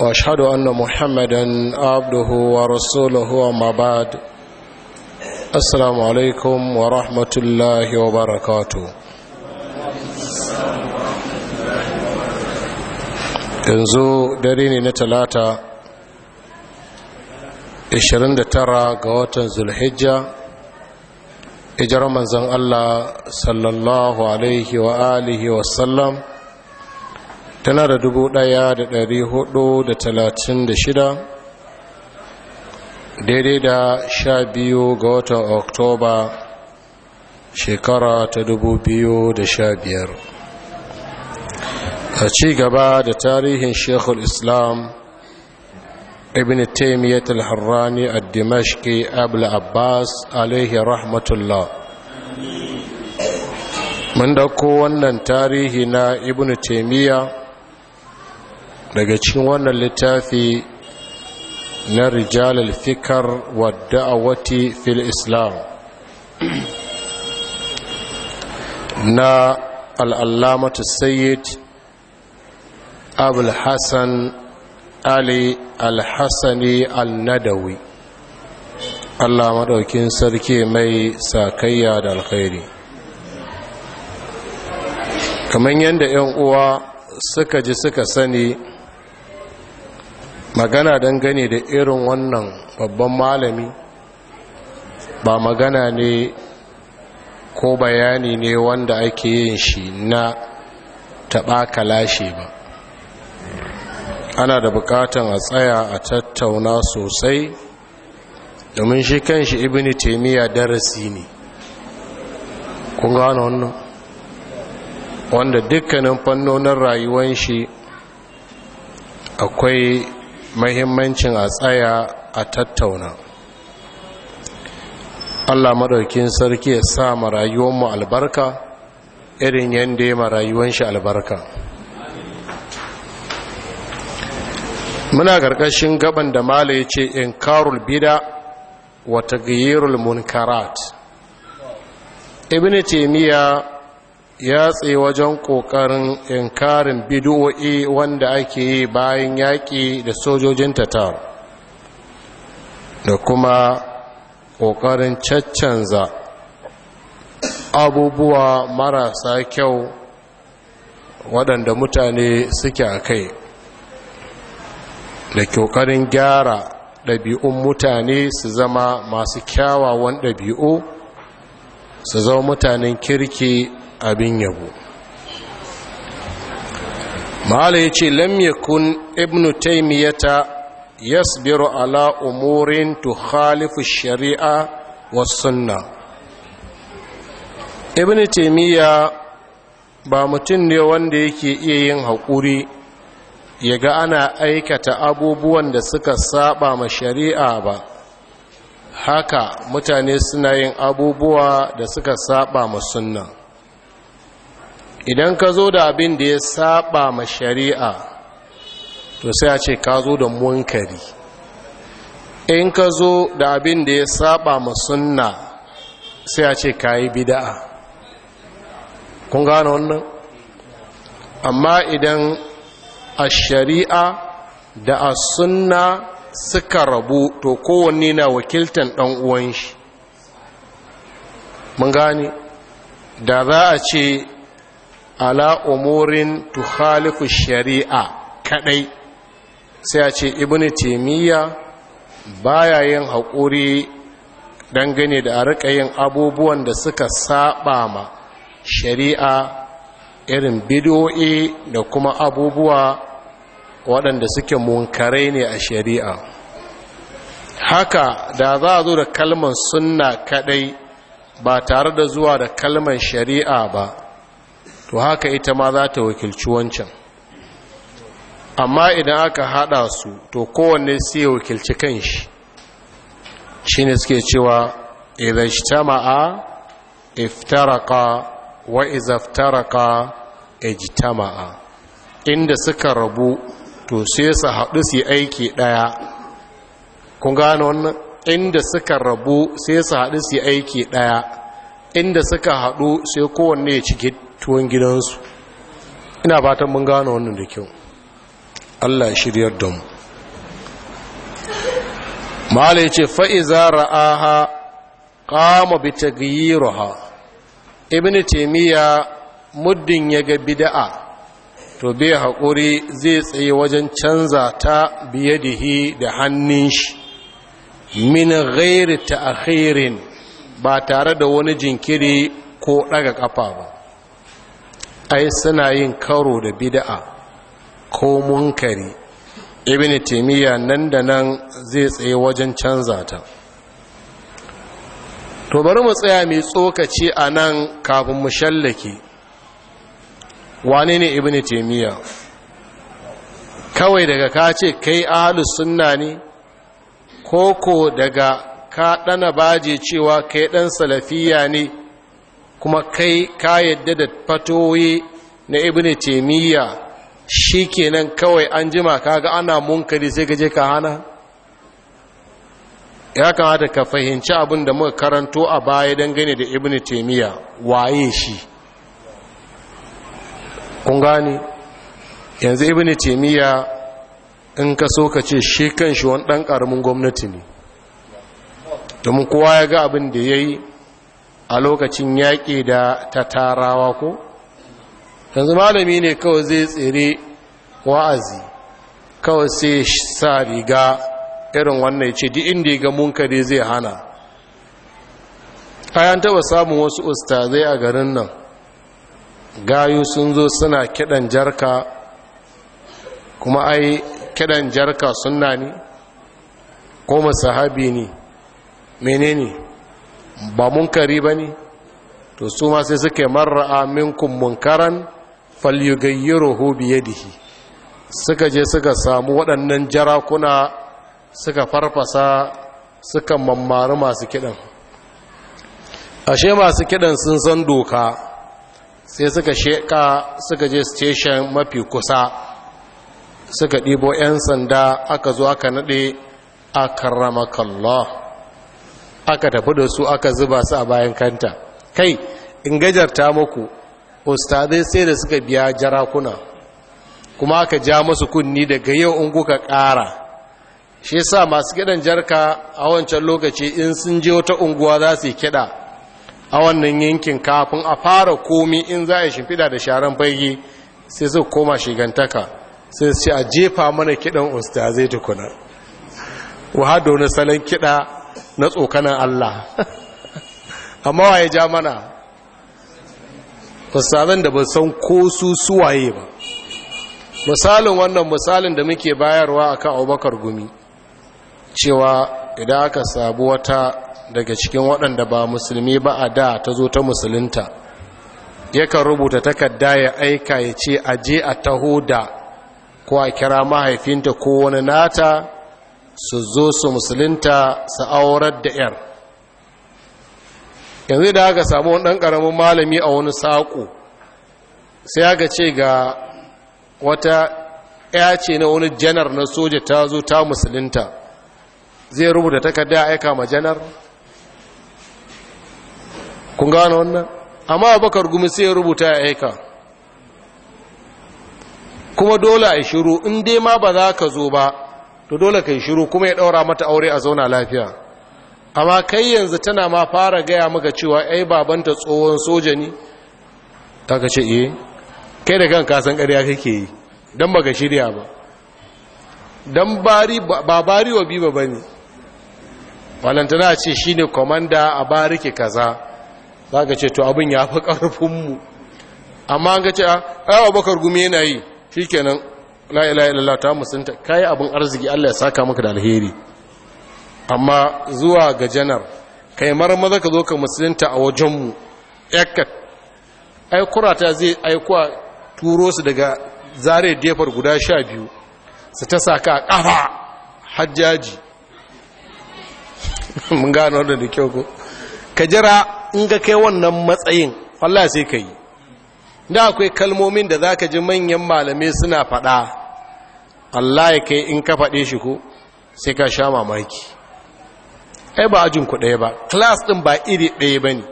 واشهد ان محمدا عبده ورسوله اما بعد السلام عليكم ورحمه الله وبركاته yanzu dare ne na talata 29 ga watan zulhijja ijar manzan allah sallallahu alaihi wa alihi wasallam tana da dubu ɗaya da ɗari hudu da talatin da shida daidai da sha biyu ga watan oktoba shekara ta dubu biyu da sha biyar a ci gaba da tarihin shekul islam ibn taimiyyat al-harrani al-dimashki abul abbas alaihi rahmatullah mun dauko wannan tarihi na ibn taimiyya daga cikin wannan littafi na rijalal fikar wa da'awati fil islam na al'allamatu sayyid abul hassan ali al-hassani al-nadawi allah maɗaukin sarki mai sakayya da alkhairi kamar yadda 'yan uwa suka ji suka sani magana dangane da irin wannan babban malami ba magana ne ko bayani ne wanda ake yin shi na taɓa kalashe ba ana da bukatan a tsaya a tattauna sosai domin shi kanshi ibini taimiyya darasi ne kun gano wannan wanda dukkanin fannonin rayuwan shi akwai mahimmancin a tsaya a tattauna Allah maɗaukin sarki ya sa ma mu albarka irin yadda ya ma shi albarka muna ƙarƙashin gaban da mala ya ce in karul bida wata gayyarul munkarat ibn taimiyya ya tsaye wajen ƙoƙarin inkarin bidowa'i wanda ake yi bayan yaƙi da sojojin tatar da kuma ƙoƙarin caccanza abubuwa marasa kyau waɗanda mutane suke a kai da ƙoƙarin gyara ɗabi'un mutane su zama masu kyawawan ɗabi'u su zama mutanen kirki abin yabo mahala ya ce lam yakun ibnu taimiyata yasbiru ala umurin tukhalifu shari'a wa sunna ibnu taimiyya ba mutum ne wanda yake iya yin haƙuri ya ga ana aikata abubuwan da suka saba ma shari'a ba haka mutane suna yin abubuwa da suka saba ma sunna idan ka zo da abin da ya saba ma shari'a to sai a ce ka zo da munkari in ka zo da abin da ya saba ma sunna sai a ce ka yi bida'a kun gano wannan amma idan a shari'a da a sunna suka rabu to kowanne na wakiltan ɗan uwan shi mun gane da za a ce ala umurin tukhalifu shari'a kadai sai a ce ibnu taymiya baya yin haƙuri dangane da a riƙa yin abubuwan da suka saba ma shari'a irin bidoyi da kuma abubuwa waɗanda suke munkarai ne a shari'a haka da za a zo da kalman sunna kadai ba tare da zuwa da kalman shari'a ba to haka ita ma za ta wakilci wancan amma idan aka hada su to kowanne sai ya wakilci kan shi. ne suke cewa idan ijtama'a iftaraka wa izaftaraka ijtama'a inda suka rabu to sai su haɗu su aiki ɗaya kun gano wannan inda suka rabu sai su haɗu su aiki ɗaya inda suka haɗu sai kowanne ya ci tuwon gidansu ina fatan mun gane wannan da kyau Allah ya shiryar da mu mala ya ce fa'iza ra'aha ƙama bi tagiyiruha ibini taimiyya muddin ya ga bida'a to bai haƙuri zai tsaye wajen canza ta biye da hannun shi min gairi ta ba tare da wani jinkiri ko ɗaga ƙafa ba ai suna yin karo da bid'a ko munkari ibn nan da nan zai tsaye wajen canza ta to bari mu tsaya mai tsokaci a nan kafin mu shallake wane ne ibn kawai daga ka ce kai ahalus sunna ne koko daga ka ɗana baje cewa kai ɗan salafiya ne kuma kai ka yadda da fatoyi na ibn taimiyya shi kenan kawai an jima kaga ana munkari sai ka je ka hana ya kamata ka fahimci abin da muka karanto a baya dangane da ibn taimiyya waye shi kun gani yanzu ibn taimiyya in ka so ka ce shi kan wani ɗan ƙaramin gwamnati ne domin kowa ya ga abin da ya yi a lokacin yaƙi da ta tarawa ko yanzu malami ne kawai zai tsere wa'azi kawai sai sa riga irin wannan ce duk inda ya ga munkari zai hana kayan taba samun wasu ustazai a garin nan gayu sun zo suna kiɗan jarka kuma ai kiɗan jarka sunna ne ko masahabi ne menene ba munkari ba ne to su ma sai suke marra'a minkum munkaran da shi suka je suka samu waɗannan jarakuna suka farfasa suka mammari masu kiɗan ashe masu kiɗan sun san doka sai suka sheƙa suka je station mafi kusa suka ɗibo 'yan sanda aka zo aka naɗe a karramakallah aka tafi da su aka zuba su a bayan kanta kai in gajarta muku ustazai sai da suka biya jarakuna kuma aka ja masu kunni daga yau in kuka ƙara shi sa masu kiɗan jarka a wancan lokaci in sun je wata unguwa za su yi kiɗa a wannan yankin kafin a fara komi in za a yi shimfiɗa da sharan fage sai su koma shigantaka sai su a jefa mana kiɗan ustazai tukuna wahado na salon kiɗa na tsokanan Allah amma waye ja mana misalin da ba san ko su suwaye ba misalin wannan misalin da muke bayarwa akan abubakar gumi cewa idan aka sabu wata daga cikin waɗanda ba musulmi ba a da ta zo ta musulunta yakan rubuta takarda ya aika ya ce a je a taho da ko a kira mahaifinta ko wani nata su zo su musulunta su aurar da yar yanzu da aka samu wani ɗan ƙaramin malami a wani saƙo sai aka ce ga wata ya ce na wani janar na soja ta zo ta musulunta zai rubuta takarda aika ma janar kun gano wannan amma abakar gumi sai rubuta ya aika kuma dole a shiru in dai ma ba za ka zo ba to dole kai shiru kuma ya daura mata aure a zauna lafiya amma kai yanzu tana ma fara gaya maka cewa ai babanta tsohon soja ne ta ka ce eh kai da kanka san ƙarya kake yi don baka shirya ba don ba bari wa biba ba ne walantana ce shi ne komanda a bariki kaza zaka ce to abin ya fi ƙarfinmu amma ga ce a ah, abokar gumi yana yi shi la ilaha illallah ta musunta kai abin arziki Allah ya saka maka da alheri amma zuwa ga janar kai marmaza ka zo ka musulunta a wajenmu yakka ai kurata zai aikuwa turo su daga zare defar guda sha biyu su ta saka a ƙafa hajjaji mun gano da da kyau ko ka jira in ga kai wannan matsayin wallah sai ka yi da akwai kalmomin da za ka ji manyan malamai suna faɗa Allah ya kai in ka faɗe shi ko sai ka sha mamaki ai ba ajin ku ɗaya ba class ɗin ba iri ɗaya ba ne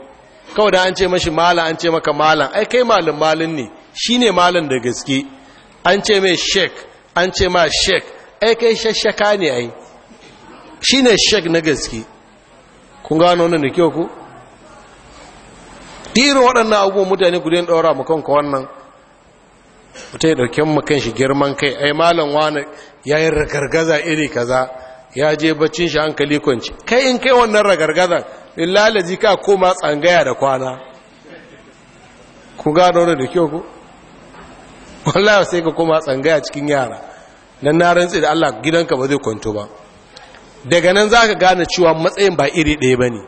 kawai da an ce mashi malam an ce maka malam ai kai malam malin ne shi ne malam da gaske an ce mai shek an ce ma shek ai kai shashaka ne ai shi ne shek na gaske kun gano wannan da kyau ku tirin waɗannan abubuwan mutane ku den ɗaura mu kanka wannan da ya mu makan shi girman kai ai malam wani ya yi ragargaza iri kaza ya je baccin shi hankali kwanci kai in kai wannan in lalaji ka koma tsangaya da kwana ku gano da da kyau ku wallah sai ka koma tsangaya cikin yara nan na rantsi da Allah gidanka ba zai kwanto ba daga nan za ka gane cewa matsayin ba iri ɗaya ba ne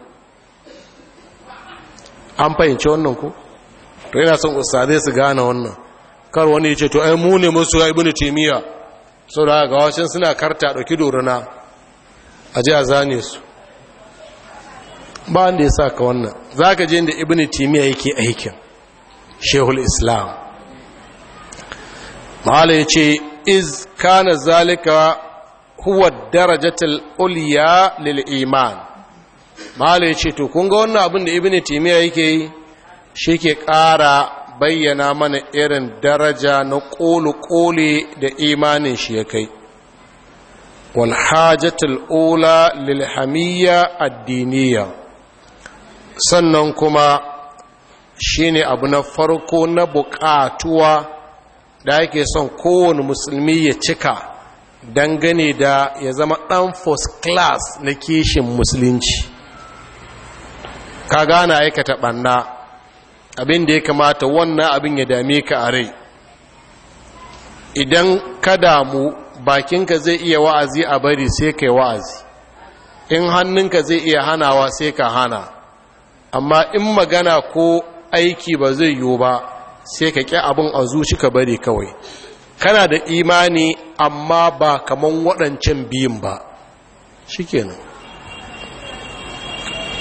an fahimci wannan ku to yana son ustazai su gane wannan kar wani ya ce to ai mu ne mun soya ibnu taymiya saboda ga suna karta dauki doruna a ji a zane su ba wanda ya saka wannan za je inda ibnu taymiya yake aikin shehul islam malai ce iz kana zalika huwa darajatul ulya lil iman malai ya ce to kun ga wannan abin da ibnu taymiya yake yi shi ke ƙara bayyana mana irin daraja na ƙoli-ƙoli da imanin shi ya kai walhajatul ula lilhamiyya addiniya sannan kuma shine abu na farko na buƙatuwa da ake son kowane musulmi ya cika dangane da ya zama ɗan first class na kishin musulunci ka gana aikata ɓanna abin da ya kamata wannan abin ya dame ka a rai idan ka damu bakinka zai iya wa'azi a bari sai ka wa'azi in hannunka zai iya hanawa sai ka hana amma in magana ko aiki ba zai yiwu ba sai ka ƙi abin a zuci ka bari kawai kana da imani amma ba kaman waɗancan biyun ba shi shikenan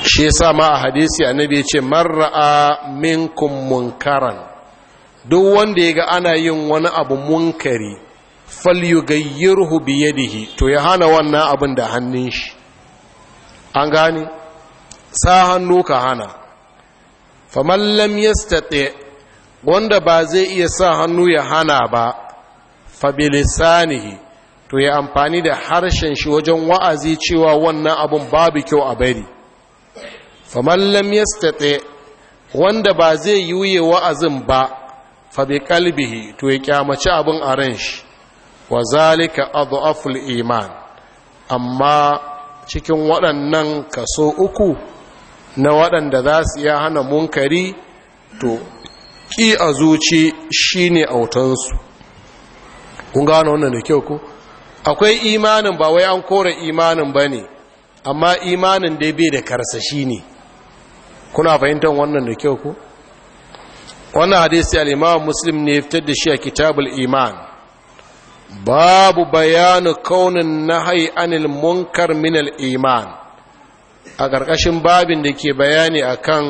shi sa ma a hadisi annabi yace mar'a minkum munkaran duk wanda ya ga ana yin wani abu munkari falyughayyirhu bi dihi to ya hana wannan abin da hannun shi an gane sa hannu ka hana faman lam yastati wanda ba zai iya sa hannu ya hana ba fabilisanihi to ya amfani da harshen shi wajen wa'azi cewa wannan abun babu kyau a bari famallam ya wanda ba zai yuye wa'azin ba fabi kalbihi to ya kyamaci abin a ran shi wa zalika adhaful iman amma cikin waɗannan kaso uku na waɗanda za su ya hana munkari to ƙi a zuci shine autansu kun gano wannan da kyau ku akwai imanin ba wai an kore imanin ba ne amma imanin dai bai da karsashi ne kuna fahimtar wannan da kyau ku wannan hadisi al-imam muslim ne fitar da shi a kitabul iman babu bayanu kaunin nahyi anil munkar min al-iman a karkashin babin da ke bayani akan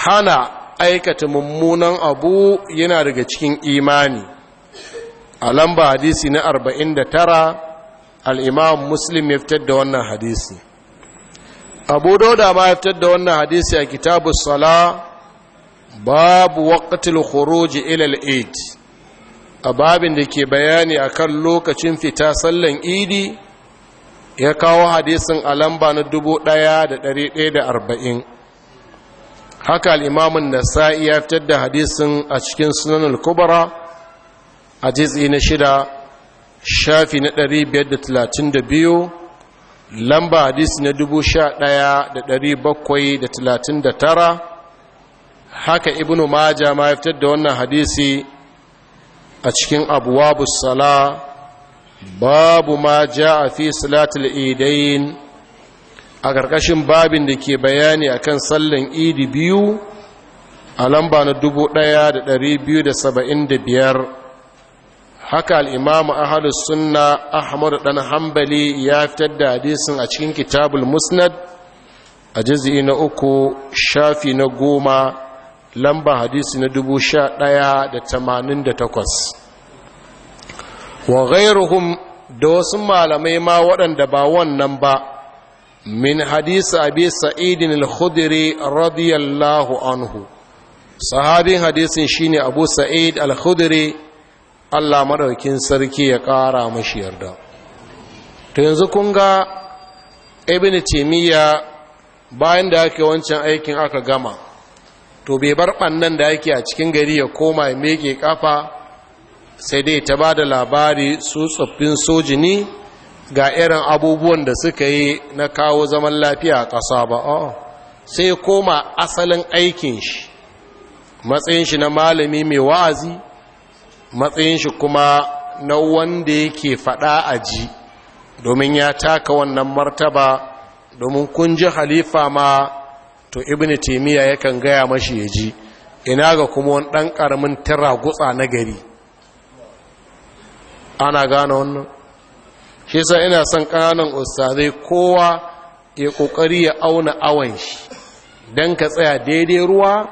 hana aikata mummunan abu yana daga cikin imani a lamba hadisi na 49 al-imam muslim ya fitar da wannan hadisi abu dauda ma a fitar da wannan hadisi a kitabu sala babu waqtil khuruji ilal eid a babin da ke bayani akan lokacin fita sallan idi ya kawo hadisin a lamba na 1140 haka al'imamun da sa'i ya fitar da hadisin a cikin sunan al-kubara a jitsi na shida shafi na 532 lamba hadisi na da talatin tara, haka ibnu maja ma ya da wannan hadisi a cikin abuwa sala babu ma ja a fi salatul idayin a ƙarƙashin babin da ke bayani a kan sallan idi biyu a lamba na biyar. haka al'imamu ahalus sunna ahmad ɗan hambali ya fitar da hadisin a cikin kitabul musnad a jizi na uku shafi na goma lamba hadisi na dubu sha ɗaya da tamanin da takwas wa gairuhu da wasu malamai ma waɗanda ba wannan ba min hadisi abi sa'idin al-khudiri radiyallahu anhu sahabin hadisin shine abu sa'id al-khudiri Allah maɗaukin sarki ya ƙara mashi yarda to yanzu kun ga ibn timiya bayan da yake wancan aikin aka gama to bai bar ɓannan da ake a cikin gari ya koma ya meke kafa sai dai ta ba da labari su tsoffin sojini ga irin abubuwan da suka yi na kawo zaman lafiya a ƙasa ba sai koma asalin aikin shi matsayin shi na malami mai wa'azi matsayin shi kuma na wanda yake faɗa a ji domin ya taka wannan martaba domin kun ji halifa ma to ibn taimiyya yakan gaya mashi ya ji ina ga kuma wani ɗan ƙaramin tara gutsa na gari ana gane wannan shi sa ina son ƙananan ustazai kowa ya ƙoƙari ya auna awon shi don ka tsaya daidai ruwa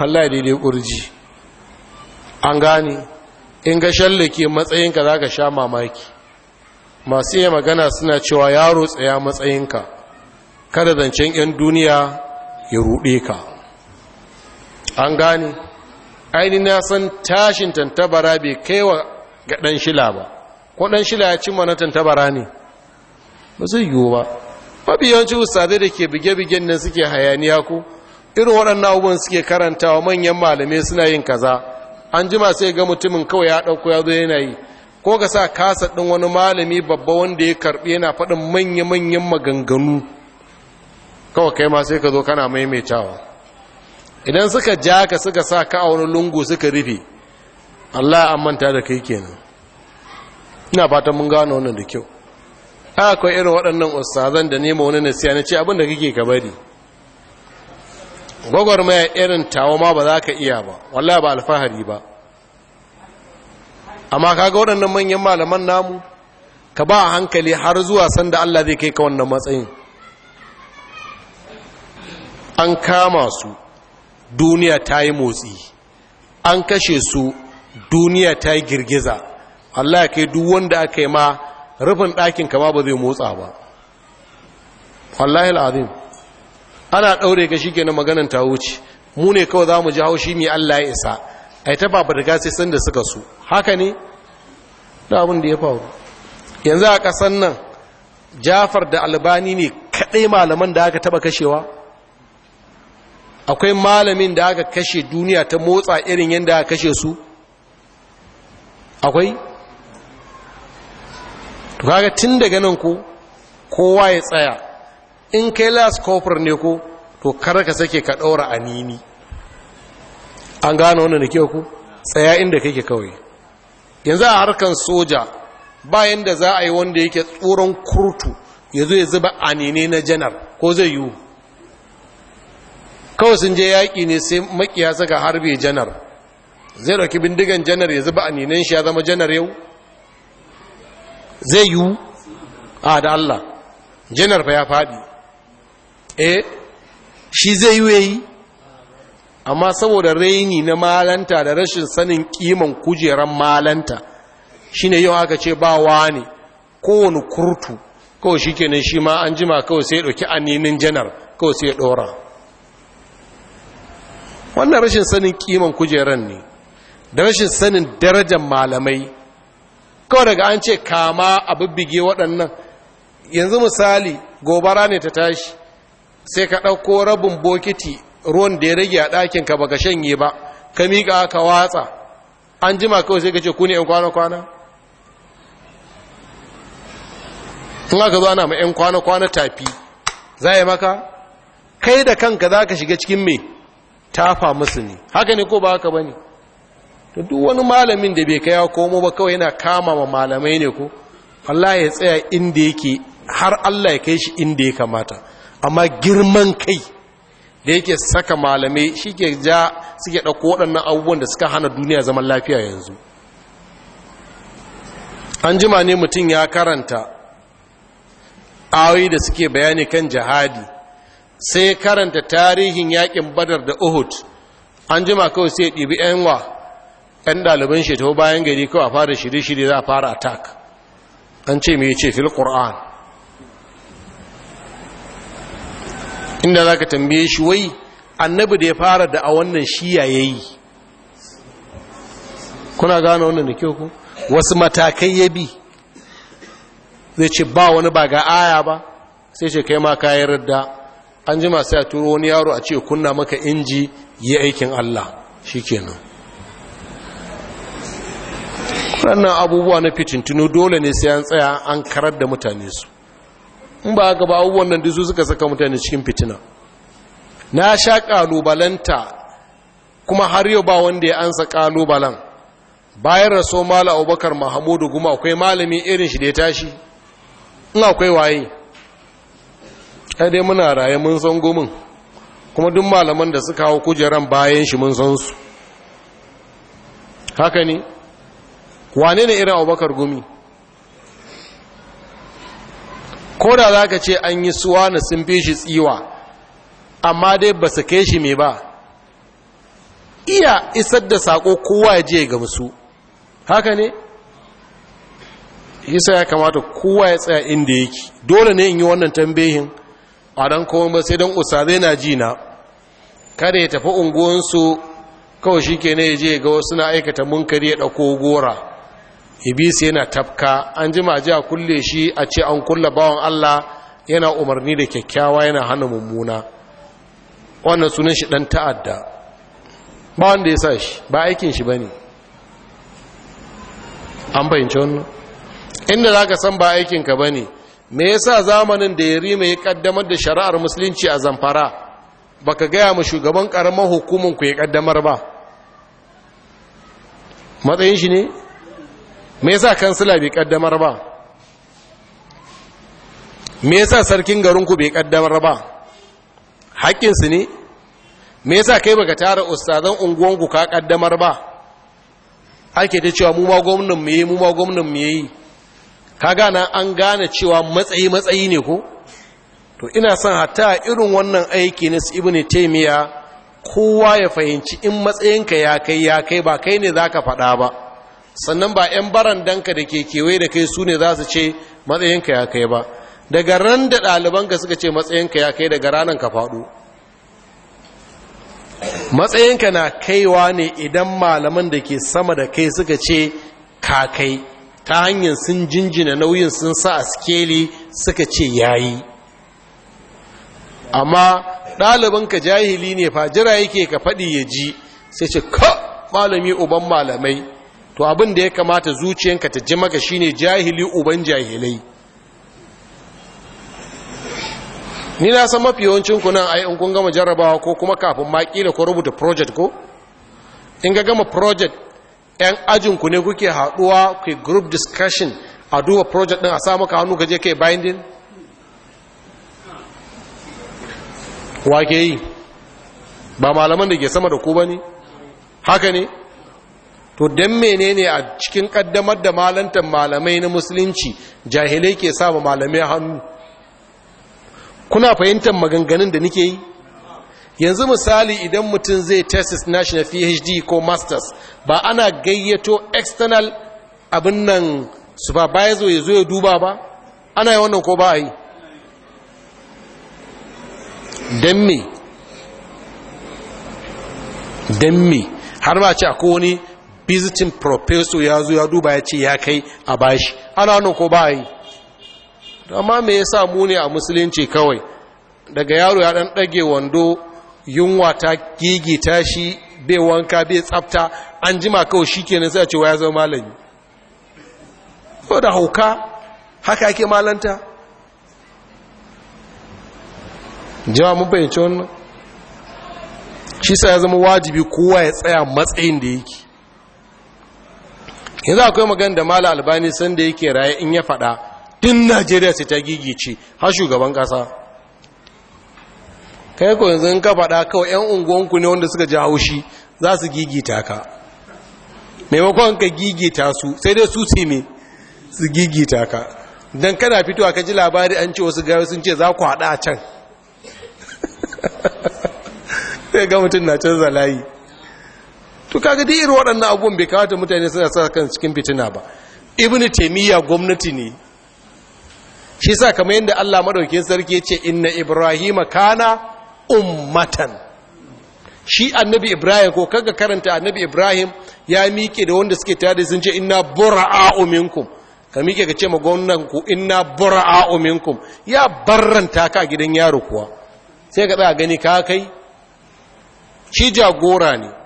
wallahi daidai ƙurji an gane in ga shallake matsayinka za ka sha mamaki masu yi magana suna cewa yaro tsaya matsayinka kada zancen 'yan duniya ya ruɗe ka an gane ainihin na san tashin tantabara bai kaiwa ga ɗan shila ba ko ɗan shila ya cimma na tantabara ne ba zai yiwu ba mafi yawancin ustazai da ke buge bugen nan suke hayaniya ko irin waɗannan abubuwan suke karantawa manyan malamai suna yin kaza an jima sai ga mutumin kawai ya ɗauko ya zo yana yi ko ga sa kasa ɗin wani malami babba wanda ya karɓi yana faɗin manya-manyan maganganu kawai kai ma sai ka zo kana maimaitawa idan suka ja ka suka sa ka a wani lungu suka rufe Allah an manta da kai kenan ina fatan mun gano wannan da kyau akwai irin waɗannan ustazan da nema wani nasiya na ce abin da kake ka bari gwagwarmaya irin tawo ma ba za ka iya ba wallahi ba alfahari ba amma kaga waɗannan manyan malaman namu ka ba hankali har zuwa sanda Allah zai kai ka wannan matsayin an kama su duniya ta yi motsi an kashe su duniya ta yi girgiza Allah ya kai duk wanda aka yi ma rufin ɗakin kama ba zai motsa ba wallahi al'adun. ana ɗaure ga shi na maganan ta wuce mu ne kawai za mu ji haushi mai Allah ya isa ai ta babu riga sai da suka su haka ne da abin da ya faru yanzu a ƙasan nan jafar da albani ne kaɗai malaman da aka taba kashewa akwai malamin da aka kashe duniya ta motsa irin yadda aka kashe su akwai kaga tun daga nan ko kowa ya tsaya in kai las kofar ne ko to kar ka sake ka ɗaura anini an gano wani da ke ku tsaya inda kake kawai yanzu a harkan soja bayan da za a yi wanda yake tsoron kurtu ya zo ya zuba anine na janar ko zai yiwu kawai sun je yaƙi ne sai makiya saka harbe janar zai ɗauki bindigan janar ya zuba aninen shi ya zama janar yau zai yiwu a da Allah janar fa ya faɗi eh shi zai yiwu ya yi amma saboda raini na malanta da rashin sanin kiman kujeran malanta shine yau aka ce ba wani kowane kurtu kawai shi kenan shi ma an jima kawai sai ya aninin janar kawai sai dora wannan rashin sanin kiman kujeran ne da rashin sanin darajar malamai kawai daga an ce kama a bibbige waɗannan yanzu misali gobara ne ta tashi sai ka ɗauko rabin bokiti ruwan da ya rage a ɗakin ka baka shanye ba ka miƙa ka watsa an jima kawai sai ka ce ku ne 'yan kwana-kwana tun haka zo ana ma 'yan kwana-kwana tafi za a yi maka kai da kanka za ka shiga cikin mai tafa musu ne haka ne ko ba haka ba ne to duk wani malamin da bai kai ya komo ba kawai yana kama ma malamai ne ko Allah ya tsaya inda yake har Allah ya kai shi inda ya kamata amma girman kai da yake saka malamai shi ke ja suke ɗauko waɗannan abubuwan da suka hana duniya zaman lafiya yanzu an jima ne mutum ya karanta ayoyi da suke bayani kan jihadi sai karanta tarihin yakin badar da uhud an jima kawai sai ɗibi 'yan wa ɗaliban shi ta bayan gari kawai a fara shirye-shirye za a fara attack an ce mai ce fil ƙur'an inda za ka tambaye shi wai annabi da ya fara da a wannan shi yi. kuna gane wannan da kyau ku wasu matakai ya bi zai ce ba wani ba ga aya ba sai ce kai ma ka yarda an jima sai ya turo wani yaro a ce kunna maka inji yi aikin Allah shi kenan. wannan abubuwa na fitintunu dole ne sai an tsaya an karar da mutane su in ba a ba abubuwan nan su suka saka mutane cikin fitina na sha kalubalanta kuma har yau ba wanda ya ansa kalubalan bayan raso mala abubakar mahamudu kuma akwai malami irin shi da ya tashi in akwai waye ai dai muna raye mun san gomin kuma duk malaman da suka hau kujeran bayan shi mun san su haka ne wane ne irin abubakar gumi ko da za ka ce an yi suwana sun fi shi tsiwa amma dai ba su kai shi mai ba iya isar da sako kowa ya je ga musu haka ne isa ya kamata kowa ya tsaya inda yake dole ne in yi wannan tambayin a don kowa ba sai don zai na ji na kada ya tafi unguwansu kawai shi ke ne ya je ga wasu na aikata munkari ya ɗauko gora ibis yana tafka an ji maji a kulle shi a ce an kulle bawan Allah yana umarni da kyakkyawa yana hana mummuna wannan sunan shi dan ta'adda ba wanda ya sa shi ba aikin shi bane an bayyance wannan inda zaka san ba aikin ka bane me yasa zamanin da yarima ya kaddamar da shari'ar musulunci a zamfara baka gaya mu shugaban karamar hukumar ya kaddamar ba matsayin shi ne me yasa kansila bai kaddamar ba me yasa sarkin garinku bai kaddamar ba haƙƙinsu ne me yasa kai baka tara ustazan unguwanku ka kaddamar ba ake ta cewa mu ma gwamnan mu yi mu ma gwamnan mu yi ka gana an gane cewa matsayi matsayi ne ko to ina son hatta irin wannan aiki na ibnu taymiya kowa ya fahimci in matsayinka ya kai ya kai ba kai ne zaka faɗa ba sannan ba 'yan barandanka da ke kewaye da kai su ne za su ce matsayinka ya kai ba daga ran da ɗalibanka suka ce matsayinka ya kai daga ranan ka faɗo matsayinka na kaiwa ne idan malaman da ke sama da kai suka ce ka kai ta hanyar sun jinjina nauyin sun sa a skeli suka ce yayi amma ɗalibanka jahili ne fajira yake ka faɗi ya ji sai ce ka malami uban malamai to abin da ya kamata zuciyanka ta ji maka shine jahili uban jahilai ni na san mafi yawancin ku nan ai in kun gama jarrabawa ko kuma kafin ma kila ko rubuta project ko in ga gama project yan ajin ku ne kuke haduwa ku group discussion a duba project din a sa maka hannu ka je kai binding wa ke yi ba malaman da ke sama da ku bane haka ne to don menene a cikin kaddamar da malantar malamai na musulunci jahilai ke sa malamai hannu kuna fahimtar maganganun da nike yi yanzu misali idan mutum zai tesis national phd ko masters ba ana gayyato external abin nan supervisor ya zo ya duba ba ana yi wannan ko ba a yi don me don me har ba ce a wani visiting professor ya zo ya duba ya ce ya kai a bashi ana nan ko bayi yi amma me yasa mu ne a musulunci kawai daga yaro ya dan dage wando yunwa ta ta shi bai wanka bai tsafta an jima kawai shikenan sai a ce ya zama malami ko da hauka haka yake malanta jima mun bayyance wannan shi sai ya zama wajibi kowa ya tsaya matsayin da yake yanzu akwai magana da mala albani sanda yake raye in ya fada tun najeriya sai ta gigice har shugaban kasa kai ko yanzu in ka fada kawai 'yan unguwanku ne wanda suka ji haushi za su gigita ka maimakon ka gigita su sai dai su ce su gigita ka don kana fitowa ka ji labari an ce wasu gari sun ce za ku haɗa a can sai ga mutum na canza layi to kaga dai irin waɗannan abubuwan bai kawata mutane suna sa kan cikin fitina ba ibnu taymiya gwamnati ne shi sa kamar yadda Allah madaukakin sarki ce inna ibrahima kana ummatan shi annabi ibrahim ko kaga karanta annabi ibrahim ya miƙe da wanda suke tare sun ce inna bura'u minkum ka miƙe ka ce ma gwamnan ku inna bura'u minkum ya barranta ka gidan yaro kuwa sai ka tsaya gani ka kai shi jagora ne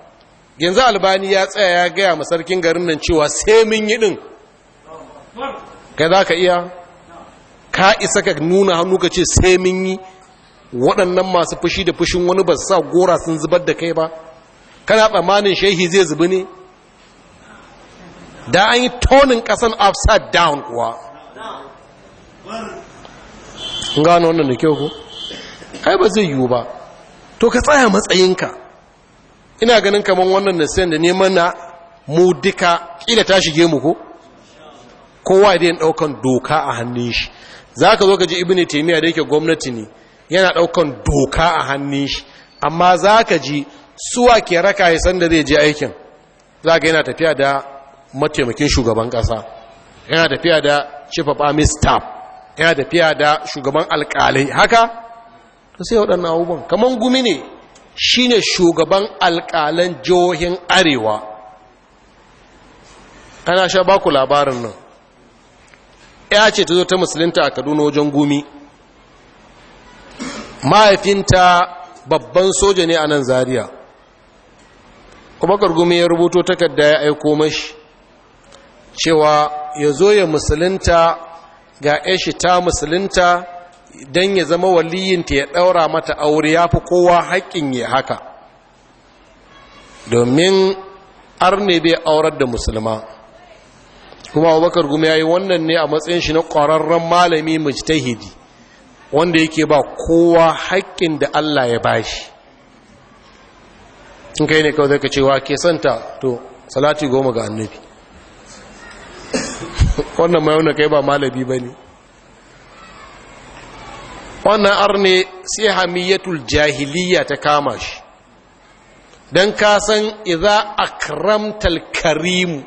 yanzu albani ya tsaya ya gaya ma sarkin garin nan cewa sai mun yi din kai za ka iya ka isa ka nuna hannu ka ce sai mun yi waɗannan masu fushi da fushin wani ba su sa gora sun zubar da kai ba kana tsammanin shehi zai zubi ne da an yi tonin ƙasan upside down kuwa gano wannan da kyau ko kai ba zai yiwu ba to ka tsaya matsayinka ina ganin kamar wannan nasiyan da neman na mu duka ƙila ta shige mu ko kowa da ɗaukan doka a hannun shi za ka zo ka ji ibini taimiyya da yake gwamnati ne yana ɗaukan doka a hannun shi amma za ka ji suwa ke raka ya san da zai je aikin za ka yana tafiya da mataimakin shugaban ƙasa yana tafiya da shifafa of yana tafiya da shugaban alƙalai haka sai waɗannan abubuwan kamar gumi ne shine shugaban alƙalan jihohin arewa Kana sha ba ku labarin nan ya ce ta zo ta musulunta a kaduna wajen gumi mahaifinta babban soja ne a nan zariya kuma kargumi ya rubuto takarda ya aiko mashi cewa ya zo ya musulunta ga yashi ta musulunta don ya zama waliyinta ya ɗaura mata aure ya fi kowa haƙƙin ya haka domin arne bai aurar da musulma kuma abubakar gumi ya yi wannan ne a matsayin shi na ƙwararren malami mujtahidi wanda yake ba kowa haƙƙin da allah ya bashi in kai ne kawai zaka cewa ke santa to salati goma ga annabi wannan mai kai ba malami ba ne wannan arne sai hamiyatul jahiliya ta kama shi don kasan a akramtal karimu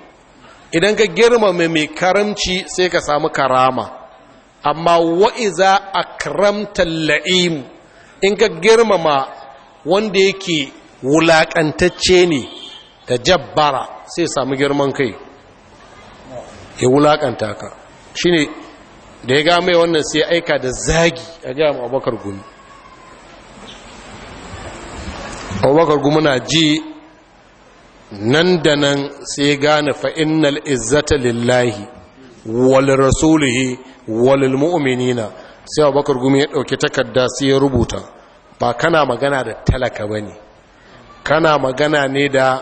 idan ka girmama mai karamci sai ka samu karama amma wa iza akramtal La'imu, in ka girmama wanda yake wulaƙantacce ne da jabbara sai samu girman kai ya wulaƙanta ka da ya ga mai wannan sai aika da zagi a gaya ma abubakar gumi abokar gumi na ji nan da nan sai ya gane fa'innal izzata lillahi wal rasulihi wal mu'uminina, sai abokar gumi ya ɗauki takarda sai ya rubuta ba kana magana da talaka ba ne kana magana ne da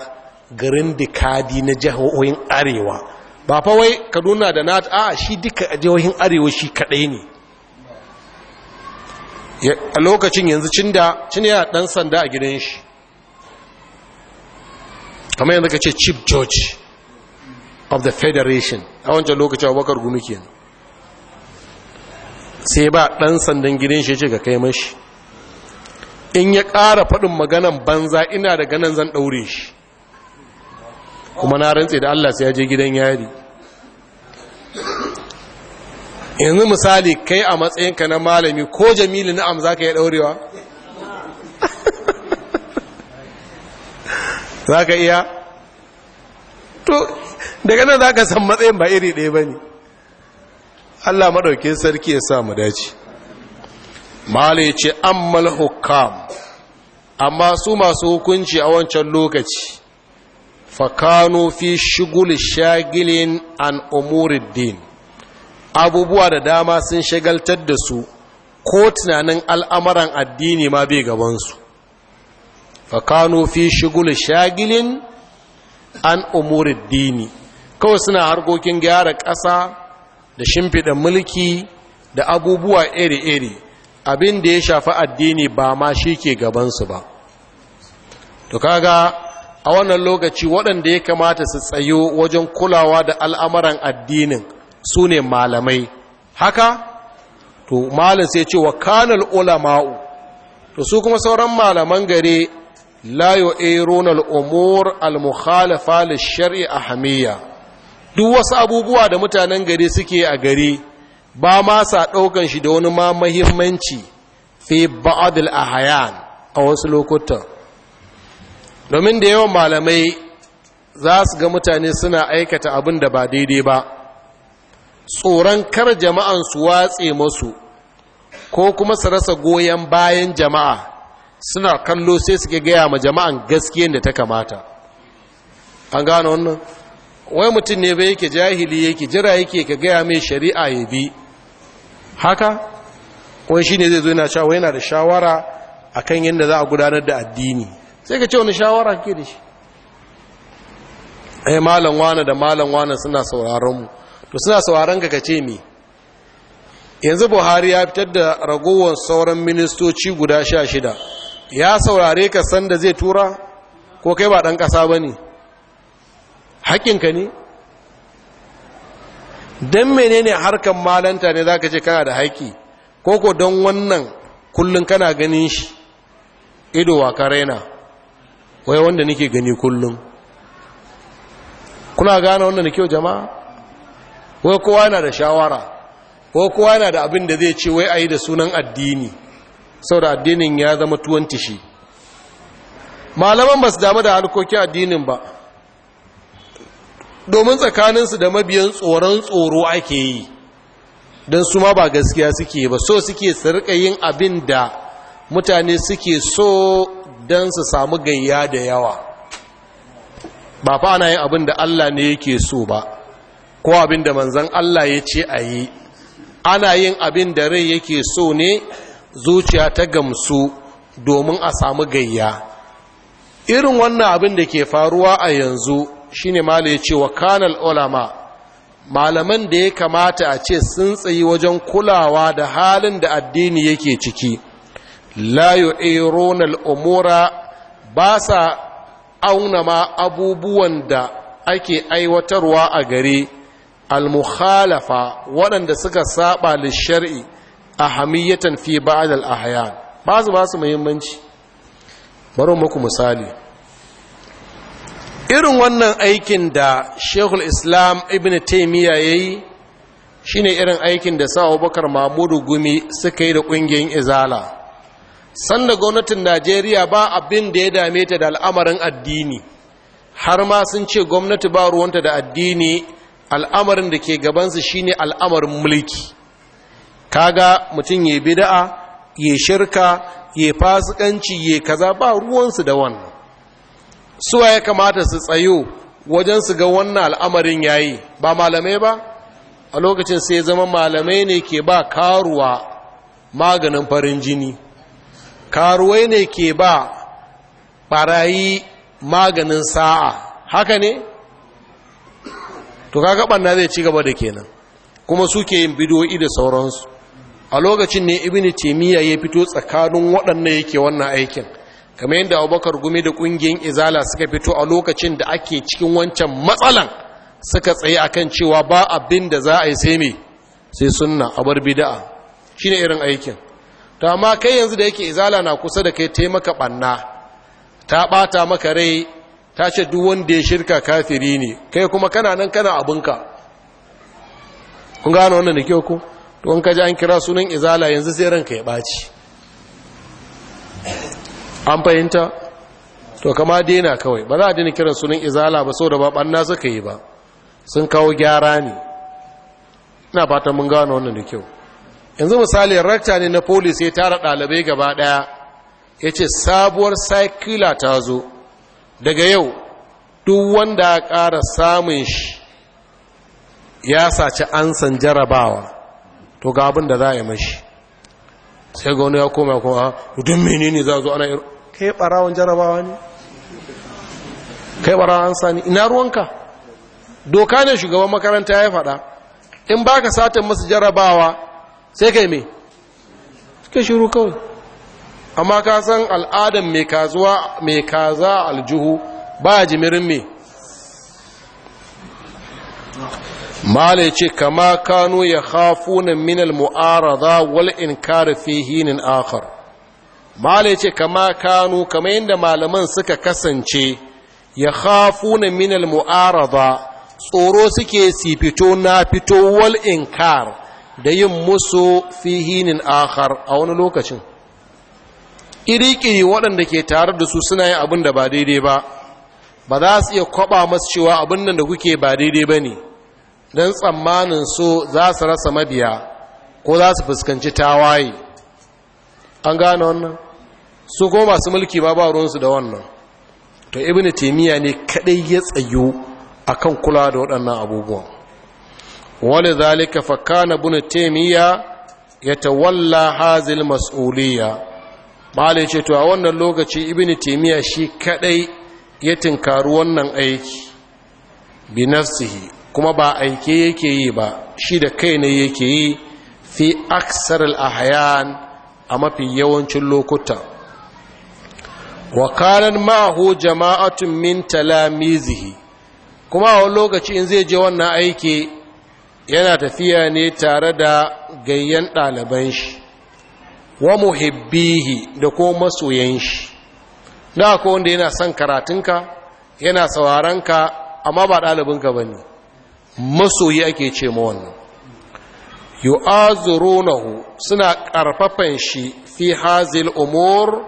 garin dikadi na jihohin arewa ba fa wai kaduna da nata a shi duka a jihohin arewa shi kaɗai ne a lokacin yanzu cinda cin yana ɗan sanda a gidan shi kamar yanzu ka ce chief judge of the federation a wancan lokacin abokar gumi kenan sai ba ɗan sandan gidan shi ce ga kai mashi in ya ƙara faɗin maganan banza ina da ganan zan ɗaure shi kuma na rantse da Allah sai ya je gidan yari yanzu misali kai a matsayinka na malami ko jamilu na Amza ka yi daurewa za ka iya to daga nan za ka san matsayin ba iri ɗaya ba ne Allah maɗaukin sarki ya sa mu dace mala ya ce ammal hukam amma su masu hukunci a wancan lokaci fakanu fi shigul shagilin an umuriddin abubuwa da dama sun shagaltar da su ko tunanin al'amuran addini ma bai gabansu fakanu fi shigul shagilin an umuriddini kawai suna harkokin gyara ƙasa da shimfiɗa mulki da abubuwa iri-iri abinda ya shafi addini ba ma shi ke gabansu ba to kaga a wannan lokaci waɗanda ya kamata su tsayo wajen kulawa da al'amuran addinin su ne malamai haka to malin sai ce wa kanal ulama'u to su kuma sauran malaman gare layo ronal umur al-mukhalafa shari'a a hamiya duk wasu abubuwa da mutanen gare suke a gare ba ma sa ɗaukan shi da wani ma mahimmanci fi a ahayan a wasu lokutan domin da yawan malamai za su ga mutane suna aikata abin da ba daidai ba tsoron kar jama'an su watse masu ko kuma su rasa goyon bayan jama'a suna kallo sai suke gaya ma jama'an gaskiyan da ta kamata an gano wannan wai mutum ne bai yake jahili yake jira yake ka gaya mai shari'a ya bi haka wani shi ne zai zo yana yana da shawara akan yadda za a gudanar da addini sai ka ce wani shawara ke da shi Ai eh, malam wane da malam wane suna sauraron mu to suna sauraron ka kace me yanzu buhari ya fitar da ragowar sauran ministoci guda sha shida ya saurare ka sanda zai tura ko kai ba ɗan ƙasa ba ne haƙƙinka ne don menene harkar malanta ne za ka ce kana da haƙƙi ko ko don wannan kullum kana ganin shi ido ka raina wai wanda nake gani kullum kuna gane wanda nake kyau jama'a wai kowa yana da shawara ko kowa yana da abin da zai ce wai a yi da sunan addini sau da addinin ya zama tuwon shi. malaman ba su damu da harkokin addinin ba domin tsakaninsu da mabiyan tsoron tsoro ake yi don su ma ba gaskiya suke ba so suke su abin da mutane suke so don su samu gayya da yawa ba fa ana yin abin da Allah ne yake so ba ko abin da manzan Allah ya ce a yi ana yin abin da rai yake so ne zuciya ta gamsu domin a samu gayya irin wannan abin da ke faruwa a yanzu shine mala ya ce wa kanal olama. malaman da ya kamata a ce sun tsayi wajen kulawa da halin da addini yake ciki la yu'iruna al'umura ba sa auna ma abubuwan da ake aiwatarwa a gare al-mukhalafa waɗanda suka saba lishar'i a hamiyatan fi ba'd al-ahyan ba su ba su muhimmanci bari muku misali irin wannan aikin da shekul islam ibn taimiyya ya yi shi irin aikin da sa abubakar mahmudu gumi suka yi da ƙungiyar izala sanda gwamnatin najeriya ba abin da ya dame ta da al'amarin addini har ma sun ce gwamnati ba ruwanta da addini al'amarin da ke gabansu shine al'amarin mulki kaga mutum ya bida'a ya shirka ya fasikanci ya kaza ba ruwansu da wannan suwa ya kamata su tsayo wajen su ga wannan al'amarin yayi ba malamai ba a lokacin sai zama malamai ne ke ba karuwa maganin farin jini karuwai ne ke ba barayi maganin sa'a haka ne to kaga banna zai ci gaba da kenan kuma suke yin bidoyi da sauransu a lokacin ne ibn taymiya ya fito tsakanin waɗannan yake wannan aikin kamar yadda abubakar gumi da ƙungiyar izala suka fito a lokacin da ake cikin wancan matsalan suka tsaye akan cewa ba abin da za a yi sai mai sai sunna a bar shi shine irin aikin to amma kai yanzu da yake izala na kusa da kai taimaka banna ta bata maka rai ta ce duk wanda ya shirka kafiri ne kai kuma kana nan kana abinka kun gano wannan da kyau ko to in ka an kira sunan izala yanzu sai ranka ya baci an fahimta to kama daina kawai ba za a daina kiran sunan izala ba saboda ba banna suka yi ba sun kawo gyara ne ina fatan mun gano wannan da kyau yanzu misali rakta ne na polis ya tara ɗalibai gaba ɗaya ya ce sabuwar saikila ta zo daga yau duk wanda ya ƙara samun shi ya saci san jarabawa to ga abin da za a yi mashi sai ga wani ya koma kuma ah, don menene za a zo ana iro kai ɓarawan jarabawa ne kai ɓarawan sani ina ruwanka doka ne shugaban makaranta ya faɗa in baka satin masu jarabawa sai kai me suka shiru kawai amma ka san al'adar mai kazuwa mai kaza aljuhu ba jimirin me mala ya ce kama kano ya hafu na minal mu'arada wal in kare fihinin akhar mala ya ce kama kano kama yadda malaman suka kasance ya hafu na minal mu'arada tsoro suke si fito na fito wal in inkar da yin musu hinin akhar a wani lokacin iri waɗanda ke tare da su suna yin abin da ba daidai ba ba za su iya kwaba masu cewa abin da kuke ba daidai ba ne don tsammanin su za su rasa mabiya ko za su fuskanci tawaye an gane wannan su ko masu mulki ba ba ruwansu da wannan to ibini taimiyya ne kaɗai ya tsayo a kan kula da waɗannan abubuwan wani zalika fakana bunu taimiyya ya tawalla hazil mas'uliya malai ce to a wannan lokaci ibini taimiyya shi kadai ya tinkaru wannan aiki bi kuma ba aike yake yi ba shi da kai ne yake yi fi aksar al'ahayan a mafi yawancin lokuta wakanan ma'ahu jama'atun min talamizihi kuma a wani lokaci in zai je wannan aiki yana tafiya ne tare da gayyan ɗaliban shi wa muhibbihi da ko masoyan shi da ko wanda yana son karatunka yana sauraronka amma ba ɗalibinka ba ne masoyi ake ce ma wannan suna ƙarfafan shi fi hazil umur